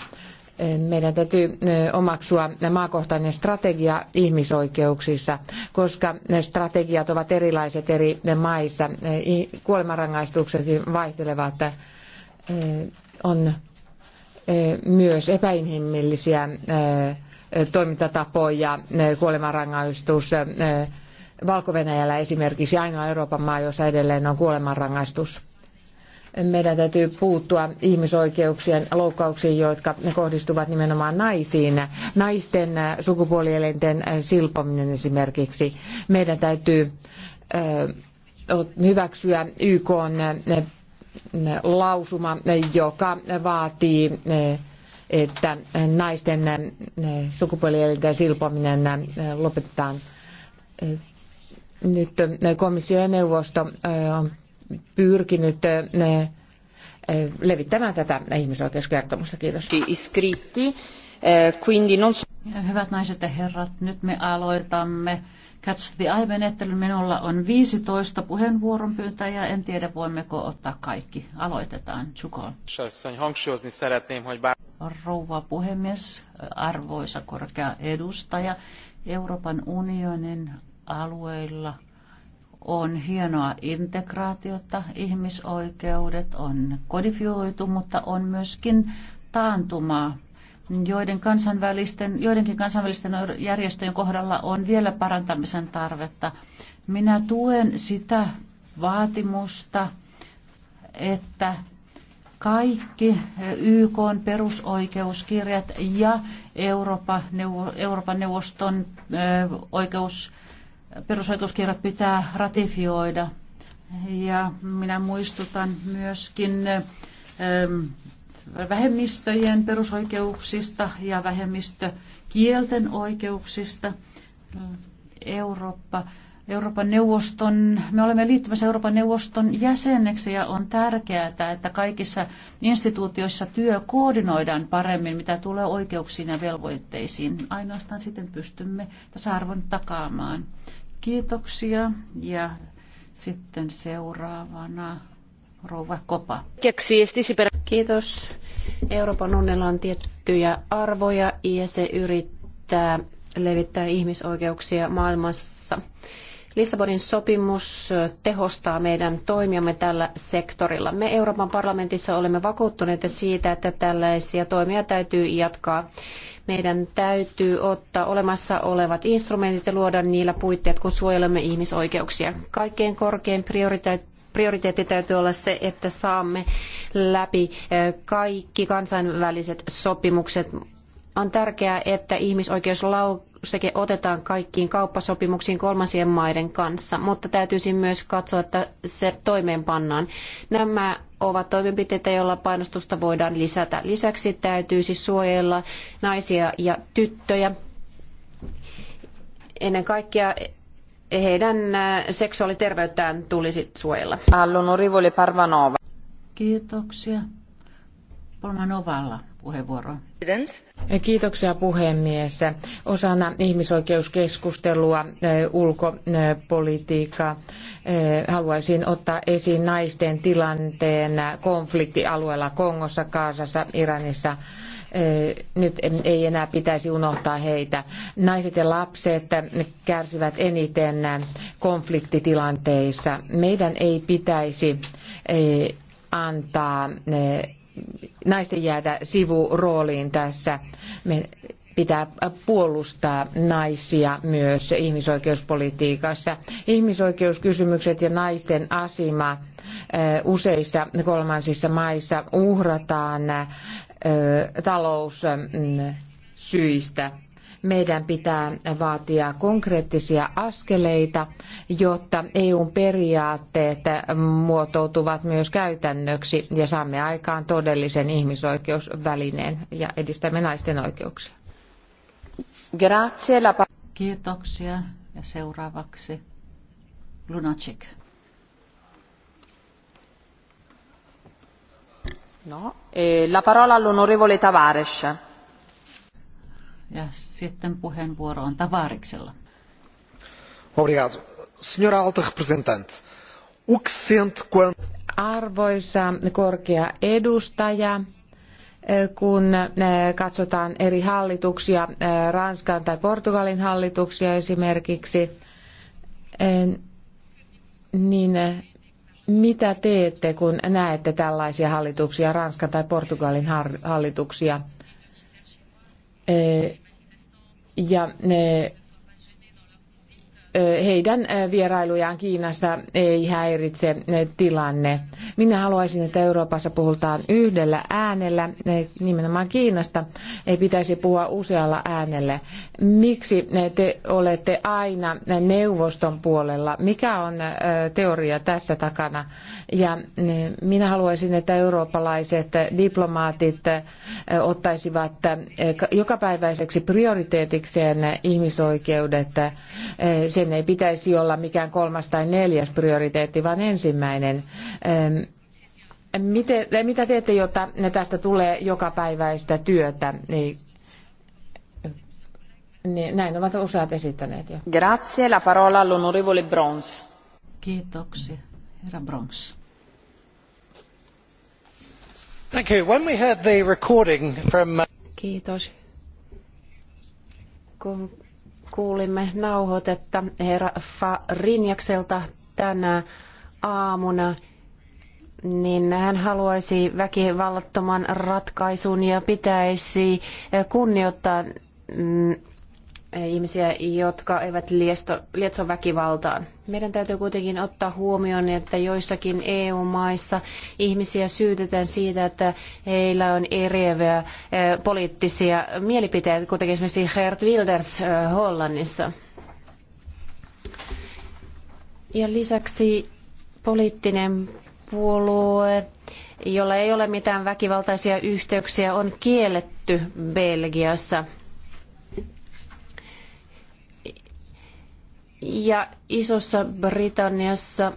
meidän täytyy omaksua maakohtainen strategia ihmisoikeuksissa, koska strategiat ovat erilaiset eri maissa. E, kuolemanrangaistukset vaihtelevat. On myös epäinhimillisiä toimintatapoja, kuolemanrangaistus Valko-Venäjällä esimerkiksi ainoa Euroopan maa, jossa edelleen on kuolemanrangaistus meidän täytyy puuttua ihmisoikeuksien loukkauksiin, jotka kohdistuvat nimenomaan naisiin. Naisten äh, sukupuolielinten äh, silpominen esimerkiksi. Meidän täytyy äh, hyväksyä YK lausuma, joka vaatii, että naisten sukupuolielinten silpominen lopetetaan. Nyt komissio ja neuvosto on pyrkinyt eh, eh, levittämään tätä ihmisoikeuskertomusta. Kiitos. Eh, hyvät naiset ja herrat, nyt me aloitamme Catch the Eye-menettelyn. Minulla on 15 puheenvuoron pyyntäjää. En tiedä, voimmeko ottaa kaikki. Aloitetaan. Tsukol. Rouva puhemies, arvoisa korkea edustaja, Euroopan unionin alueilla – on hienoa integraatiota, ihmisoikeudet on kodifioitu, mutta on myöskin taantumaa, joiden kansainvälisten, joidenkin kansainvälisten järjestöjen kohdalla on vielä parantamisen tarvetta. Minä tuen sitä vaatimusta, että kaikki YK perusoikeuskirjat ja Euroopan, Euroopan neuvoston oikeus perusoikeuskirjat pitää ratifioida. Ja minä muistutan myöskin ähm, vähemmistöjen perusoikeuksista ja vähemmistökielten oikeuksista. Eurooppa Euroopan neuvoston, me olemme liittymässä Euroopan neuvoston jäseneksi ja on tärkeää, että kaikissa instituutioissa työ koordinoidaan paremmin, mitä tulee oikeuksiin ja velvoitteisiin. Ainoastaan sitten pystymme tasa-arvon takaamaan. Kiitoksia ja sitten seuraavana rouva Kopa. Kiitos. Euroopan unionilla on tiettyjä arvoja ja se yrittää levittää ihmisoikeuksia maailmassa. Lissabonin sopimus tehostaa meidän toimiamme tällä sektorilla. Me Euroopan parlamentissa olemme vakuuttuneita siitä, että tällaisia toimia täytyy jatkaa. Meidän täytyy ottaa olemassa olevat instrumentit ja luoda niillä puitteet, kun suojelemme ihmisoikeuksia. Kaikkein korkein prioriteetti prioriteetti täytyy olla se, että saamme läpi kaikki kansainväliset sopimukset, on tärkeää, että ihmisoikeuslauseke otetaan kaikkiin kauppasopimuksiin kolmansien maiden kanssa, mutta täytyisi myös katsoa, että se toimeenpannaan. Nämä ovat toimenpiteitä, joilla painostusta voidaan lisätä. Lisäksi täytyisi suojella naisia ja tyttöjä. Ennen kaikkea heidän seksuaaliterveyttään tulisi suojella. Parvanova. Kiitoksia. Parvanovalla puheenvuoroa. Kiitoksia puhemies. Osana ihmisoikeuskeskustelua eh, ulkopolitiikkaa eh, haluaisin ottaa esiin naisten tilanteen konfliktialueella Kongossa, Kaasassa, Iranissa eh, nyt ei enää pitäisi unohtaa heitä. Naiset ja lapset kärsivät eniten konfliktitilanteissa. Meidän ei pitäisi antaa naisten jäädä sivurooliin tässä. Me pitää puolustaa naisia myös ihmisoikeuspolitiikassa. Ihmisoikeuskysymykset ja naisten asema useissa kolmansissa maissa uhrataan taloussyistä meidän pitää vaatia konkreettisia askeleita, jotta EUn periaatteet muotoutuvat myös käytännöksi ja saamme aikaan todellisen ihmisoikeusvälineen ja edistämme naisten oikeuksia. Grazie. Kiitoksia. Ja seuraavaksi Lunacik. No, eh, la parola all'onorevole Tavares. Ja sitten puheenvuoro on Tavariksella. Obrigado. Senhora alta representante, o que sente quando... Arvoisa korkea edustaja, kun eh, katsotaan eri hallituksia, eh, Ranskan tai Portugalin hallituksia esimerkiksi, eh, niin mitä teette, kun näette tällaisia hallituksia, Ranskan tai Portugalin hallituksia? ja heidän vierailujaan Kiinassa ei häiritse tilanne. Minä haluaisin, että Euroopassa puhutaan yhdellä äänellä, nimenomaan Kiinasta ei pitäisi puhua usealla äänellä. Miksi te olette aina neuvoston puolella? Mikä on teoria tässä takana? Ja minä haluaisin, että eurooppalaiset diplomaatit ottaisivat jokapäiväiseksi prioriteetikseen ihmisoikeudet sen ei pitäisi olla mikään kolmas tai neljäs prioriteetti, vaan ensimmäinen. Miten, mitä teette, jotta tästä tulee joka jokapäiväistä työtä? Niin, niin, näin ovat useat esittäneet jo. Grazie, la parola all'onorevole Brons. Kiitoksia, herra Brons. Thank you. When we heard the recording from... Uh, Kiitos. Kun kuulimme nauhoitetta herra Farinjakselta tänä aamuna, niin hän haluaisi väkivallattoman ratkaisun ja pitäisi kunnioittaa mm, ihmisiä, jotka eivät liesto, lietso väkivaltaan. Meidän täytyy kuitenkin ottaa huomioon, että joissakin EU-maissa ihmisiä syytetään siitä, että heillä on eriäviä eh, poliittisia mielipiteitä, kuten esimerkiksi Gert Wilders eh, Hollannissa. Ja lisäksi poliittinen puolue, jolla ei ole mitään väkivaltaisia yhteyksiä, on kielletty Belgiassa – Ja Isossa Britanniassa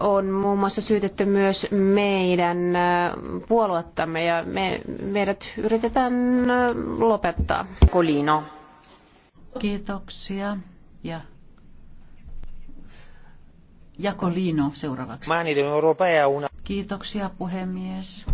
on muun muassa syytetty myös meidän äh, puoluettamme ja me, meidät yritetään äh, lopettaa. Kolino. Kiitoksia. Ja Jakolino seuraavaksi. Kiitoksia puhemies.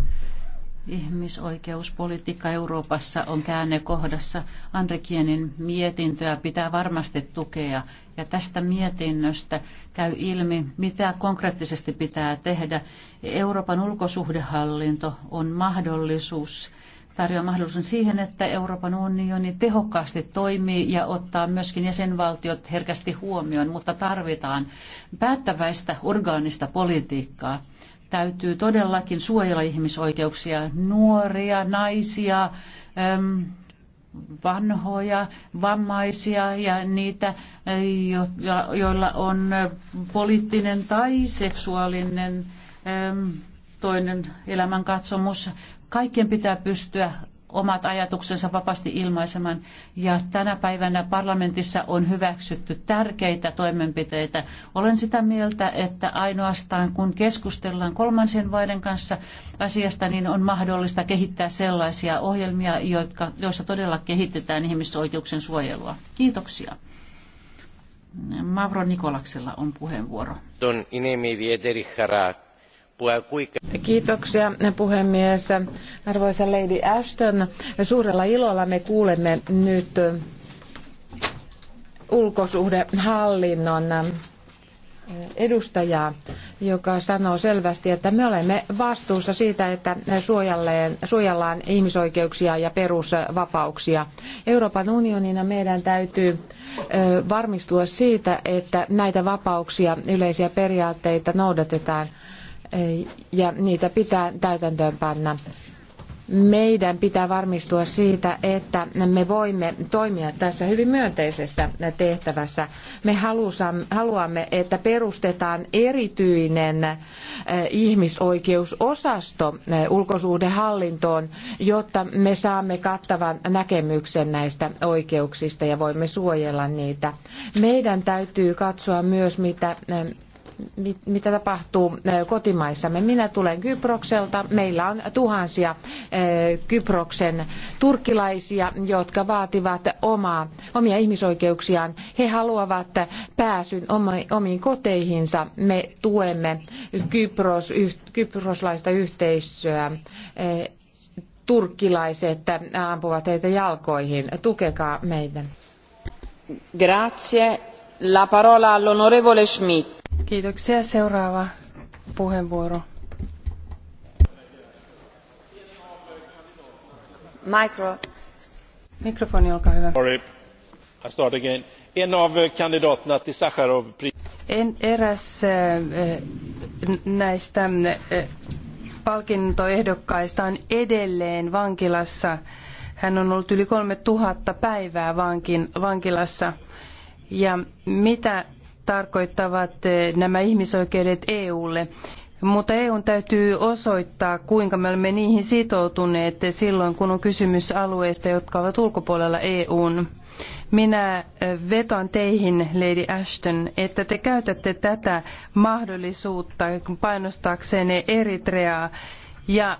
Ihmisoikeuspolitiikka Euroopassa on käännekohdassa. Andrikienin mietintöä pitää varmasti tukea ja tästä mietinnöstä käy ilmi, mitä konkreettisesti pitää tehdä. Euroopan ulkosuhdehallinto on mahdollisuus tarjoaa mahdollisuuden siihen, että Euroopan unioni tehokkaasti toimii ja ottaa myöskin jäsenvaltiot herkästi huomioon, mutta tarvitaan päättäväistä orgaanista politiikkaa täytyy todellakin suojella ihmisoikeuksia, nuoria, naisia, vanhoja, vammaisia ja niitä, joilla on poliittinen tai seksuaalinen toinen elämänkatsomus. Kaikkien pitää pystyä omat ajatuksensa vapaasti ilmaisemaan. Ja tänä päivänä parlamentissa on hyväksytty tärkeitä toimenpiteitä. Olen sitä mieltä, että ainoastaan kun keskustellaan kolmansien maiden kanssa asiasta, niin on mahdollista kehittää sellaisia ohjelmia, jotka, joissa todella kehitetään ihmisoikeuksien suojelua. Kiitoksia. Mavro Nikolaksella on puheenvuoro. Don inemi vieteri Kiitoksia puhemies. Arvoisa Lady Ashton, suurella ilolla me kuulemme nyt ulkosuhdehallinnon edustajaa, joka sanoo selvästi, että me olemme vastuussa siitä, että suojellaan ihmisoikeuksia ja perusvapauksia. Euroopan unionina meidän täytyy varmistua siitä, että näitä vapauksia, yleisiä periaatteita noudatetaan – ja niitä pitää täytäntöönpanna. Meidän pitää varmistua siitä, että me voimme toimia tässä hyvin myönteisessä tehtävässä. Me haluamme, että perustetaan erityinen ihmisoikeusosasto ulkosuhdehallintoon, jotta me saamme kattavan näkemyksen näistä oikeuksista ja voimme suojella niitä. Meidän täytyy katsoa myös, mitä mitä tapahtuu äh, kotimaissamme. Minä tulen Kyprokselta. Meillä on tuhansia äh, Kyproksen turkkilaisia, jotka vaativat omaa, omia ihmisoikeuksiaan. He haluavat pääsyn omiin koteihinsa. Me tuemme Kypros, kyproslaista yhteisöä äh, turkkilaiset ampuvat heitä jalkoihin. Tukekaa meitä. Grazie. La parola all'onorevole Schmidt. Kiitoksia. Seuraava puheenvuoro. Micro. Mikrofoni, olkaa En av eh, kandidaterna till sakharov en eräs eh, näistä eh, palkintoehdokkaista on edelleen vankilassa. Hän on ollut yli kolme tuhatta päivää vankin, vankilassa ja mitä tarkoittavat eh, nämä ihmisoikeudet EUlle. Mutta EUn täytyy osoittaa, kuinka me olemme niihin sitoutuneet silloin, kun on kysymys alueista, jotka ovat ulkopuolella EUn. Minä eh, vetoan teihin, Lady Ashton, että te käytätte tätä mahdollisuutta painostaaksenne Eritreaa ja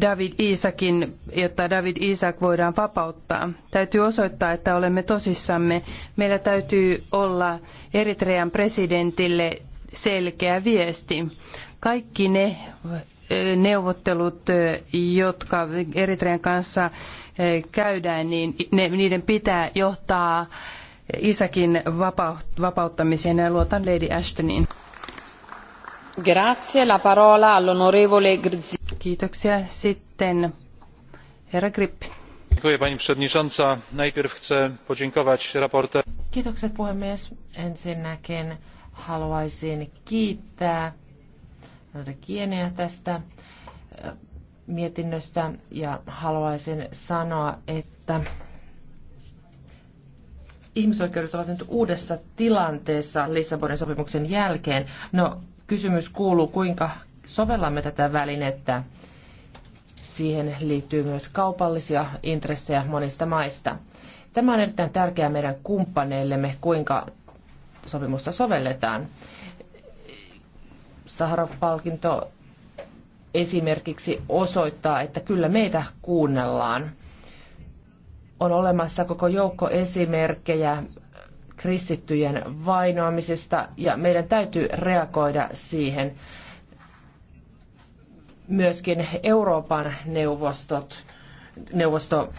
David Isakin, jotta David Isak voidaan vapauttaa. Täytyy osoittaa, että olemme tosissamme. Meillä täytyy olla Eritrean presidentille selkeä viesti. Kaikki ne neuvottelut, jotka Eritrean kanssa käydään, niin niiden pitää johtaa Isakin vapauttamiseen ja luotan Lady Ashtoniin. Grazie, la parola all'onorevole Kiitoksia. Sitten herra Grippi. Pani przewodnicząca. Najpierw chcę podziękować raporter. Kiitokset puhemies. Ensinnäkin haluaisin kiittää Kieniä tästä mietinnöstä ja haluaisin sanoa, että ihmisoikeudet ovat nyt uudessa tilanteessa Lissabonin sopimuksen jälkeen. No, kysymys kuuluu, kuinka sovellamme tätä välinettä, siihen liittyy myös kaupallisia intressejä monista maista. Tämä on erittäin tärkeää meidän kumppaneillemme, kuinka sopimusta sovelletaan. Saharov-palkinto esimerkiksi osoittaa, että kyllä meitä kuunnellaan. On olemassa koko joukko esimerkkejä kristittyjen vainoamisesta ja meidän täytyy reagoida siihen myöskin Euroopan neuvostot, neuvosto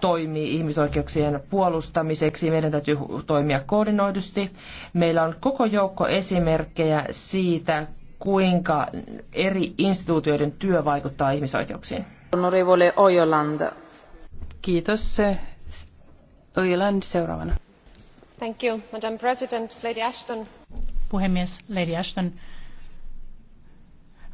toimii ihmisoikeuksien puolustamiseksi. Meidän täytyy toimia koordinoidusti. Meillä on koko joukko esimerkkejä siitä, kuinka eri instituutioiden työ vaikuttaa ihmisoikeuksiin. Honorevole Ojoland. Kiitos. Ojoland seuraavana. Thank you, Madam President, Lady Ashton. Puhemies, Lady Ashton.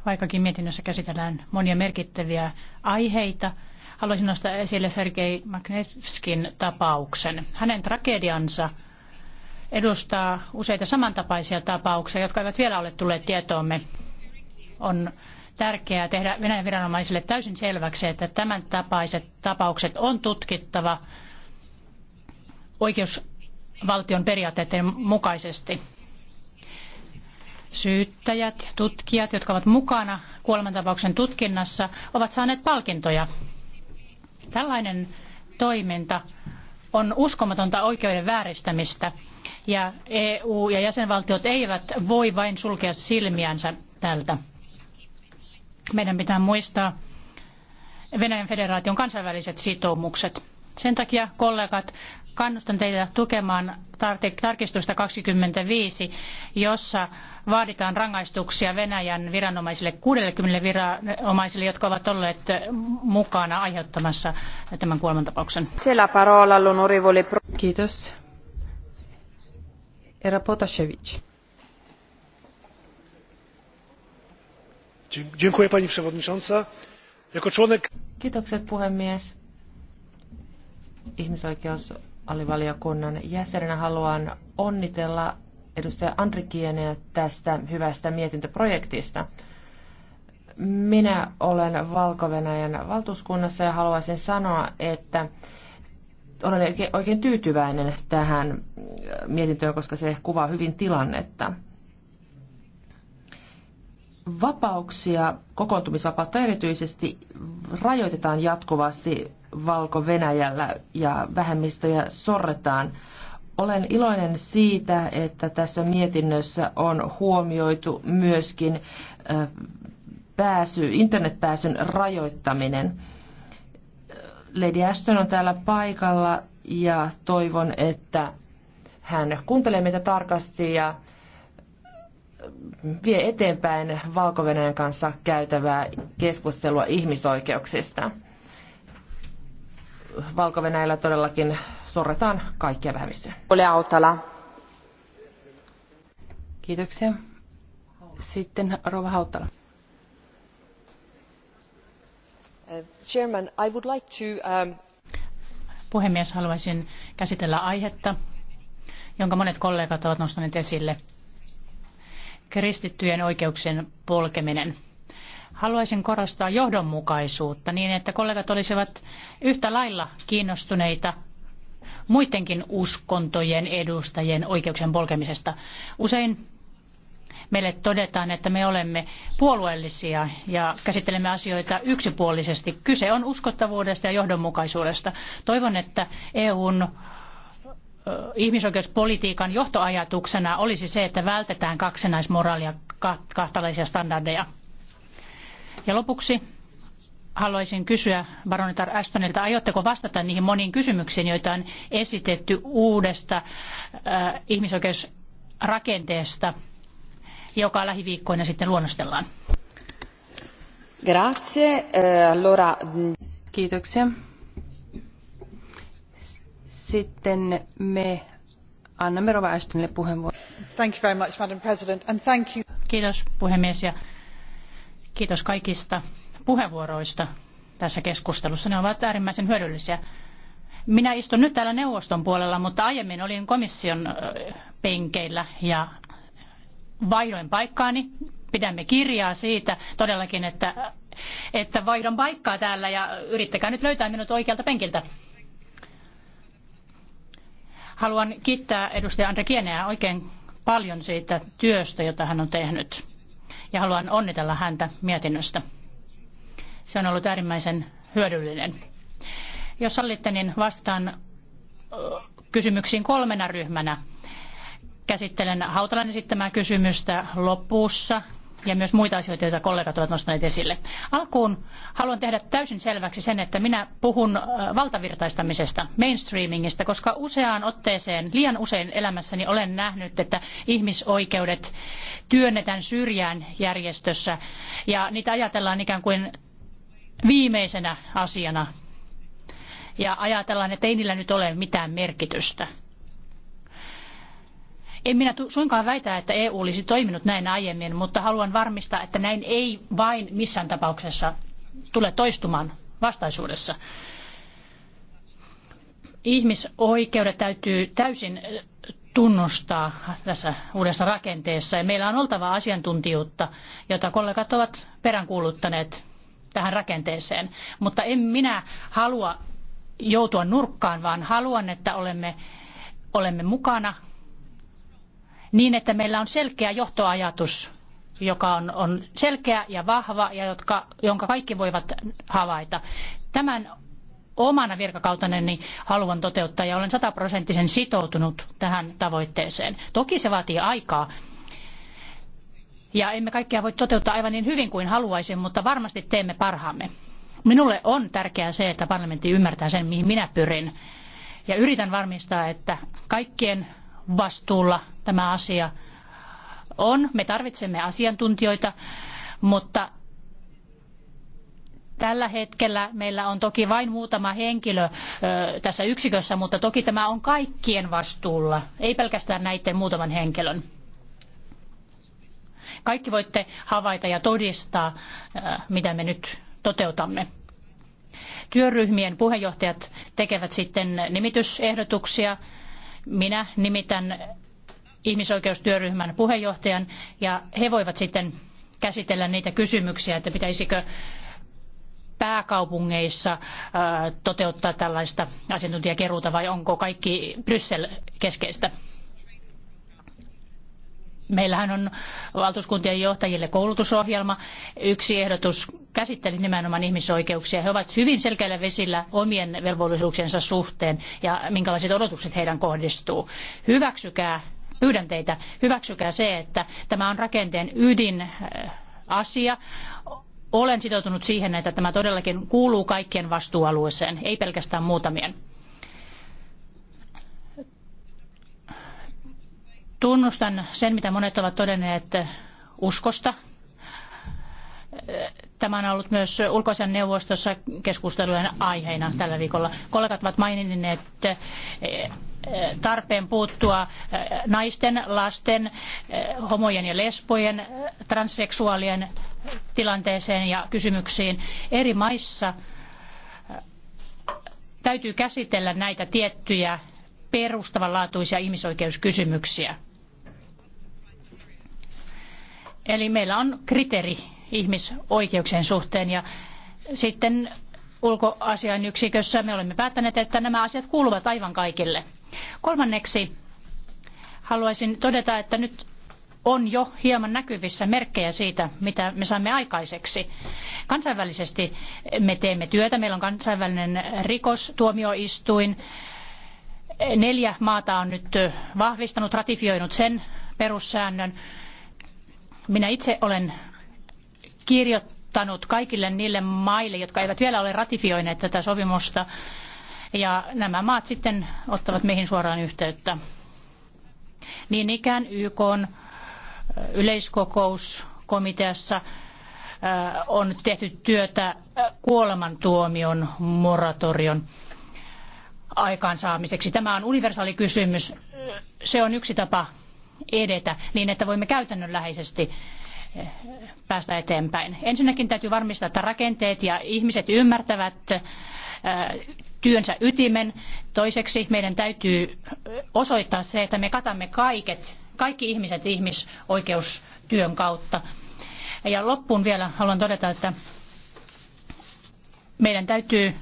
Vaikkakin mietinnössä käsitellään monia merkittäviä aiheita, haluaisin nostaa esille Sergei Magnevskin tapauksen. Hänen tragediansa edustaa useita samantapaisia tapauksia, jotka eivät vielä ole tulleet tietoomme. On tärkeää tehdä Venäjän viranomaisille täysin selväksi, että tämän tapaiset tapaukset on tutkittava oikeusvaltion periaatteiden mukaisesti syyttäjät, tutkijat, jotka ovat mukana kuolemantapauksen tutkinnassa, ovat saaneet palkintoja. Tällainen toiminta on uskomatonta oikeuden vääristämistä ja EU ja jäsenvaltiot eivät voi vain sulkea silmiänsä tältä. Meidän pitää muistaa Venäjän federaation kansainväliset sitoumukset. Sen takia kollegat kannustan teitä tukemaan tarkistusta 25, jossa vaaditaan rangaistuksia Venäjän viranomaisille, 60 viranomaisille, jotka ovat olleet mukana aiheuttamassa tämän kuolemantapauksen. Kiitos. Era Potashevich. Dziękuję pani przewodnicząca. Jako członek Kiitokset puhemies. Ihmisoikeus alivaliokunnan jäsenenä haluan onnitella edustaja Andri Kieneä tästä hyvästä mietintöprojektista. Minä olen valko valtuuskunnassa ja haluaisin sanoa, että olen oikein tyytyväinen tähän mietintöön, koska se kuvaa hyvin tilannetta. Vapauksia, kokoontumisvapautta erityisesti, rajoitetaan jatkuvasti Valko-Venäjällä ja vähemmistöjä sorretaan. Olen iloinen siitä, että tässä mietinnössä on huomioitu myöskin pääsy, internetpääsyn rajoittaminen. Lady Ashton on täällä paikalla ja toivon, että hän kuuntelee meitä tarkasti ja vie eteenpäin valko kanssa käytävää keskustelua ihmisoikeuksista valko todellakin sorretaan kaikkia vähemmistöjä. Ole Autala. Kiitoksia. Sitten Rova Hautala. Uh, Chairman, I would like to, um... Puhemies, haluaisin käsitellä aihetta, jonka monet kollegat ovat nostaneet esille. Kristittyjen oikeuksien polkeminen – haluaisin korostaa johdonmukaisuutta niin, että kollegat olisivat yhtä lailla kiinnostuneita muidenkin uskontojen edustajien oikeuksien polkemisesta. Usein meille todetaan, että me olemme puolueellisia ja käsittelemme asioita yksipuolisesti. Kyse on uskottavuudesta ja johdonmukaisuudesta. Toivon, että EUn ihmisoikeuspolitiikan johtoajatuksena olisi se, että vältetään kaksinaismoraalia kahtalaisia standardeja. Ja lopuksi haluaisin kysyä baronitar Ashtonilta, aiotteko vastata niihin moniin kysymyksiin, joita on esitetty uudesta äh, ihmisoikeusrakenteesta, joka lähiviikkoina sitten luonnostellaan? Grazie. Eh, allora... Mm, Kiitoksia. Sitten me annamme Rova Ashtonille puheenvuoron. Thank you very much, Madam President, and thank you. Kiitos puhemies ja Kiitos kaikista puheenvuoroista tässä keskustelussa. Ne ovat äärimmäisen hyödyllisiä. Minä istun nyt täällä neuvoston puolella, mutta aiemmin olin komission penkeillä ja vaihdoin paikkaani. Pidämme kirjaa siitä todellakin, että, että vaihdan paikkaa täällä ja yrittäkää nyt löytää minut oikealta penkiltä. Haluan kiittää edustaja Andre Kieneä oikein paljon siitä työstä, jota hän on tehnyt ja haluan onnitella häntä mietinnöstä. Se on ollut äärimmäisen hyödyllinen. Jos sallitte, niin vastaan kysymyksiin kolmena ryhmänä. Käsittelen Hautalan esittämää kysymystä lopussa ja myös muita asioita, joita kollegat ovat nostaneet esille. Alkuun haluan tehdä täysin selväksi sen, että minä puhun valtavirtaistamisesta, mainstreamingista, koska useaan otteeseen, liian usein elämässäni olen nähnyt, että ihmisoikeudet työnnetään syrjään järjestössä ja niitä ajatellaan ikään kuin viimeisenä asiana ja ajatellaan, että ei niillä nyt ole mitään merkitystä. En minä suinkaan väitä, että EU olisi toiminut näin aiemmin, mutta haluan varmistaa, että näin ei vain missään tapauksessa tule toistumaan vastaisuudessa. Ihmisoikeudet täytyy täysin äh, tunnustaa tässä uudessa rakenteessa ja meillä on oltava asiantuntijuutta, jota kollegat ovat peräänkuuluttaneet tähän rakenteeseen. Mutta en minä halua joutua nurkkaan, vaan haluan, että olemme, olemme mukana niin, että meillä on selkeä johtoajatus, joka on, on selkeä ja vahva ja jotka, jonka kaikki voivat havaita. Tämän omana virkakautaneni haluan toteuttaa ja olen sataprosenttisen sitoutunut tähän tavoitteeseen. Toki se vaatii aikaa. Ja emme kaikkea voi toteuttaa aivan niin hyvin kuin haluaisin, mutta varmasti teemme parhaamme. Minulle on tärkeää se, että parlamentti ymmärtää sen, mihin minä pyrin. Ja yritän varmistaa, että kaikkien vastuulla tämä asia on. Me tarvitsemme asiantuntijoita, mutta tällä hetkellä meillä on toki vain muutama henkilö tässä yksikössä, mutta toki tämä on kaikkien vastuulla, ei pelkästään näiden muutaman henkilön. Kaikki voitte havaita ja todistaa, mitä me nyt toteutamme. Työryhmien puheenjohtajat tekevät sitten nimitysehdotuksia. Minä nimitän ihmisoikeustyöryhmän puheenjohtajan ja he voivat sitten käsitellä niitä kysymyksiä, että pitäisikö pääkaupungeissa äh, toteuttaa tällaista asiantuntijakeruuta vai onko kaikki Bryssel keskeistä? Meillähän on valtuuskuntien johtajille koulutusohjelma. Yksi ehdotus käsitteli nimenomaan ihmisoikeuksia. He ovat hyvin selkeillä vesillä omien velvollisuuksiensa suhteen ja minkälaiset odotukset heidän kohdistuu. Hyväksykää Pyydän teitä, hyväksykää se, että tämä on rakenteen ydinasia. Äh, Olen sitoutunut siihen, että tämä todellakin kuuluu kaikkien vastuualueeseen, ei pelkästään muutamien. Tunnustan sen, mitä monet ovat todenneet uskosta. Tämä on ollut myös ulkoisen neuvostossa keskustelujen aiheena tällä viikolla. Kollegat ovat maininneet tarpeen puuttua naisten, lasten, homojen ja lesbojen, transseksuaalien tilanteeseen ja kysymyksiin. Eri maissa täytyy käsitellä näitä tiettyjä perustavanlaatuisia ihmisoikeuskysymyksiä. Eli meillä on kriteeri ihmisoikeuksien suhteen ja sitten ulkoasian yksikössä me olemme päättäneet, että nämä asiat kuuluvat aivan kaikille. Kolmanneksi haluaisin todeta, että nyt on jo hieman näkyvissä merkkejä siitä, mitä me saamme aikaiseksi. Kansainvälisesti me teemme työtä. Meillä on kansainvälinen rikostuomioistuin. Neljä maata on nyt vahvistanut, ratifioinut sen perussäännön. Minä itse olen kirjoittanut kaikille niille maille, jotka eivät vielä ole ratifioineet tätä sopimusta, ja nämä maat sitten ottavat meihin suoraan yhteyttä. Niin ikään YK yleiskokouskomiteassa on tehty työtä kuolemantuomion moratorion aikaansaamiseksi. Tämä on universaali kysymys. Se on yksi tapa edetä niin, että voimme käytännönläheisesti päästä eteenpäin. Ensinnäkin täytyy varmistaa, että rakenteet ja ihmiset ymmärtävät työnsä ytimen. Toiseksi meidän täytyy osoittaa se, että me katamme kaiket, kaikki ihmiset ihmisoikeustyön kautta. Ja loppuun vielä haluan todeta, että meidän täytyy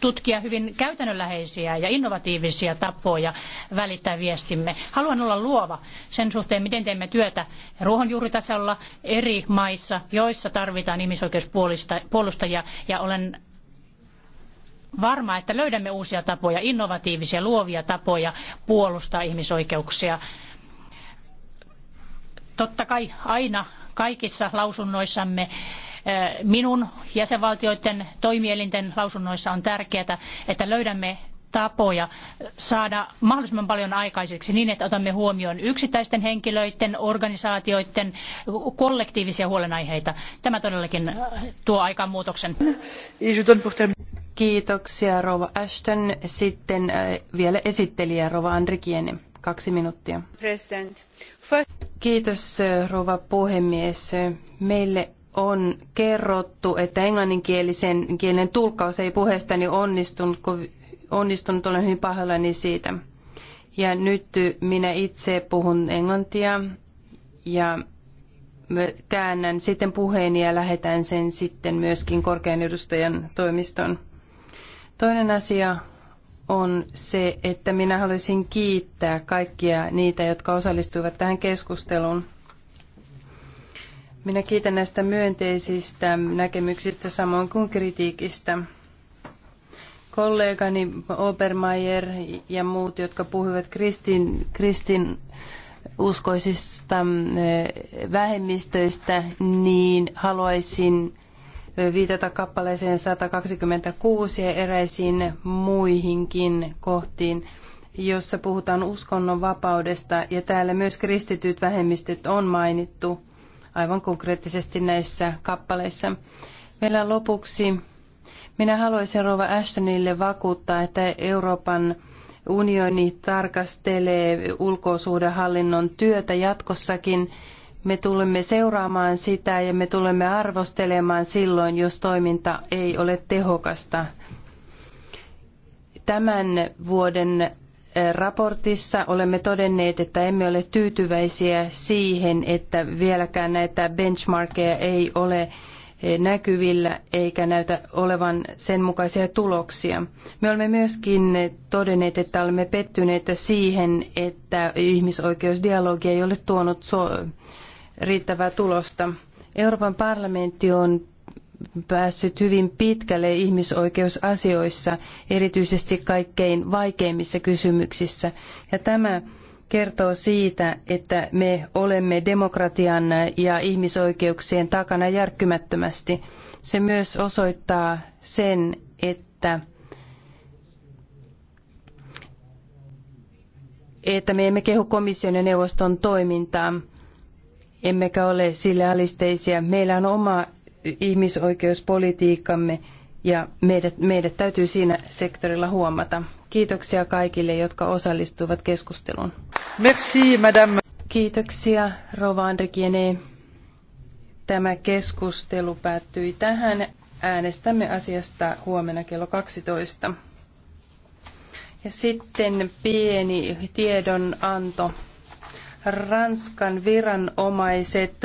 tutkia hyvin käytännönläheisiä ja innovatiivisia tapoja välittää viestimme. Haluan olla luova sen suhteen, miten teemme työtä ruohonjuuritasolla eri maissa, joissa tarvitaan ihmisoikeuspuolustajia ja olen varma, että löydämme uusia tapoja, innovatiivisia, luovia tapoja puolustaa ihmisoikeuksia. Totta kai aina kaikissa lausunnoissamme eh, minun jäsenvaltioiden toimielinten lausunnoissa on tärkeää, että löydämme tapoja saada mahdollisimman paljon aikaiseksi niin, että otamme huomioon yksittäisten henkilöiden, organisaatioiden kollektiivisia huolenaiheita. Tämä todellakin tuo aikaan muutoksen. Kiitoksia Rova Ashton. Sitten äh, vielä esittelijä Rova Andrikiene. Kaksi minuuttia. President. Kiitos äh, Rova puhemies. Meille on kerrottu, että englanninkielisen kielen tulkkaus ei puheestani niin onnistunut, onnistunut olen hyvin pahoillani siitä. Ja nyt minä itse puhun englantia ja käännän sitten puheen ja lähetän sen sitten myöskin korkean edustajan toimistoon. Toinen asia on se, että minä haluaisin kiittää kaikkia niitä, jotka osallistuivat tähän keskusteluun. Minä kiitän näistä myönteisistä näkemyksistä samoin kuin kritiikistä. Kollegani Obermeier ja muut, jotka puhuivat kristin, kristin uskoisista eh, vähemmistöistä, niin haluaisin viitata kappaleeseen 126 ja eräisiin muihinkin kohtiin, jossa puhutaan uskonnonvapaudesta ja täällä myös kristityt vähemmistöt on mainittu aivan konkreettisesti näissä kappaleissa. Meillä lopuksi minä haluaisin Rova Ashtonille vakuuttaa, että Euroopan unioni tarkastelee ulkosuhdehallinnon työtä jatkossakin me tulemme seuraamaan sitä ja me tulemme arvostelemaan silloin, jos toiminta ei ole tehokasta. Tämän vuoden eh, raportissa olemme todenneet, että emme ole tyytyväisiä siihen, että vieläkään näitä benchmarkeja ei ole eh, näkyvillä eikä näytä olevan sen mukaisia tuloksia. Me olemme myöskin todenneet, että olemme pettyneitä siihen, että ihmisoikeusdialogi ei ole tuonut so- riittävää tulosta. Euroopan parlamentti on päässyt hyvin pitkälle ihmisoikeusasioissa, erityisesti kaikkein vaikeimmissa kysymyksissä. Ja tämä kertoo siitä, että me olemme demokratian ja ihmisoikeuksien takana järkkymättömästi. Se myös osoittaa sen, että että me emme kehu komission ja neuvoston toimintaa emmekä ole sille alisteisia. Meillä on oma ihmisoikeuspolitiikkamme ja meidät, meidät täytyy siinä sektorilla huomata. Kiitoksia kaikille, jotka osallistuivat keskusteluun. Merci, madame. Kiitoksia, Rova Andrikiene. Tämä keskustelu päättyi tähän. Äänestämme asiasta huomenna kello 12. Ja sitten pieni tiedonanto. Ranskan viranomaiset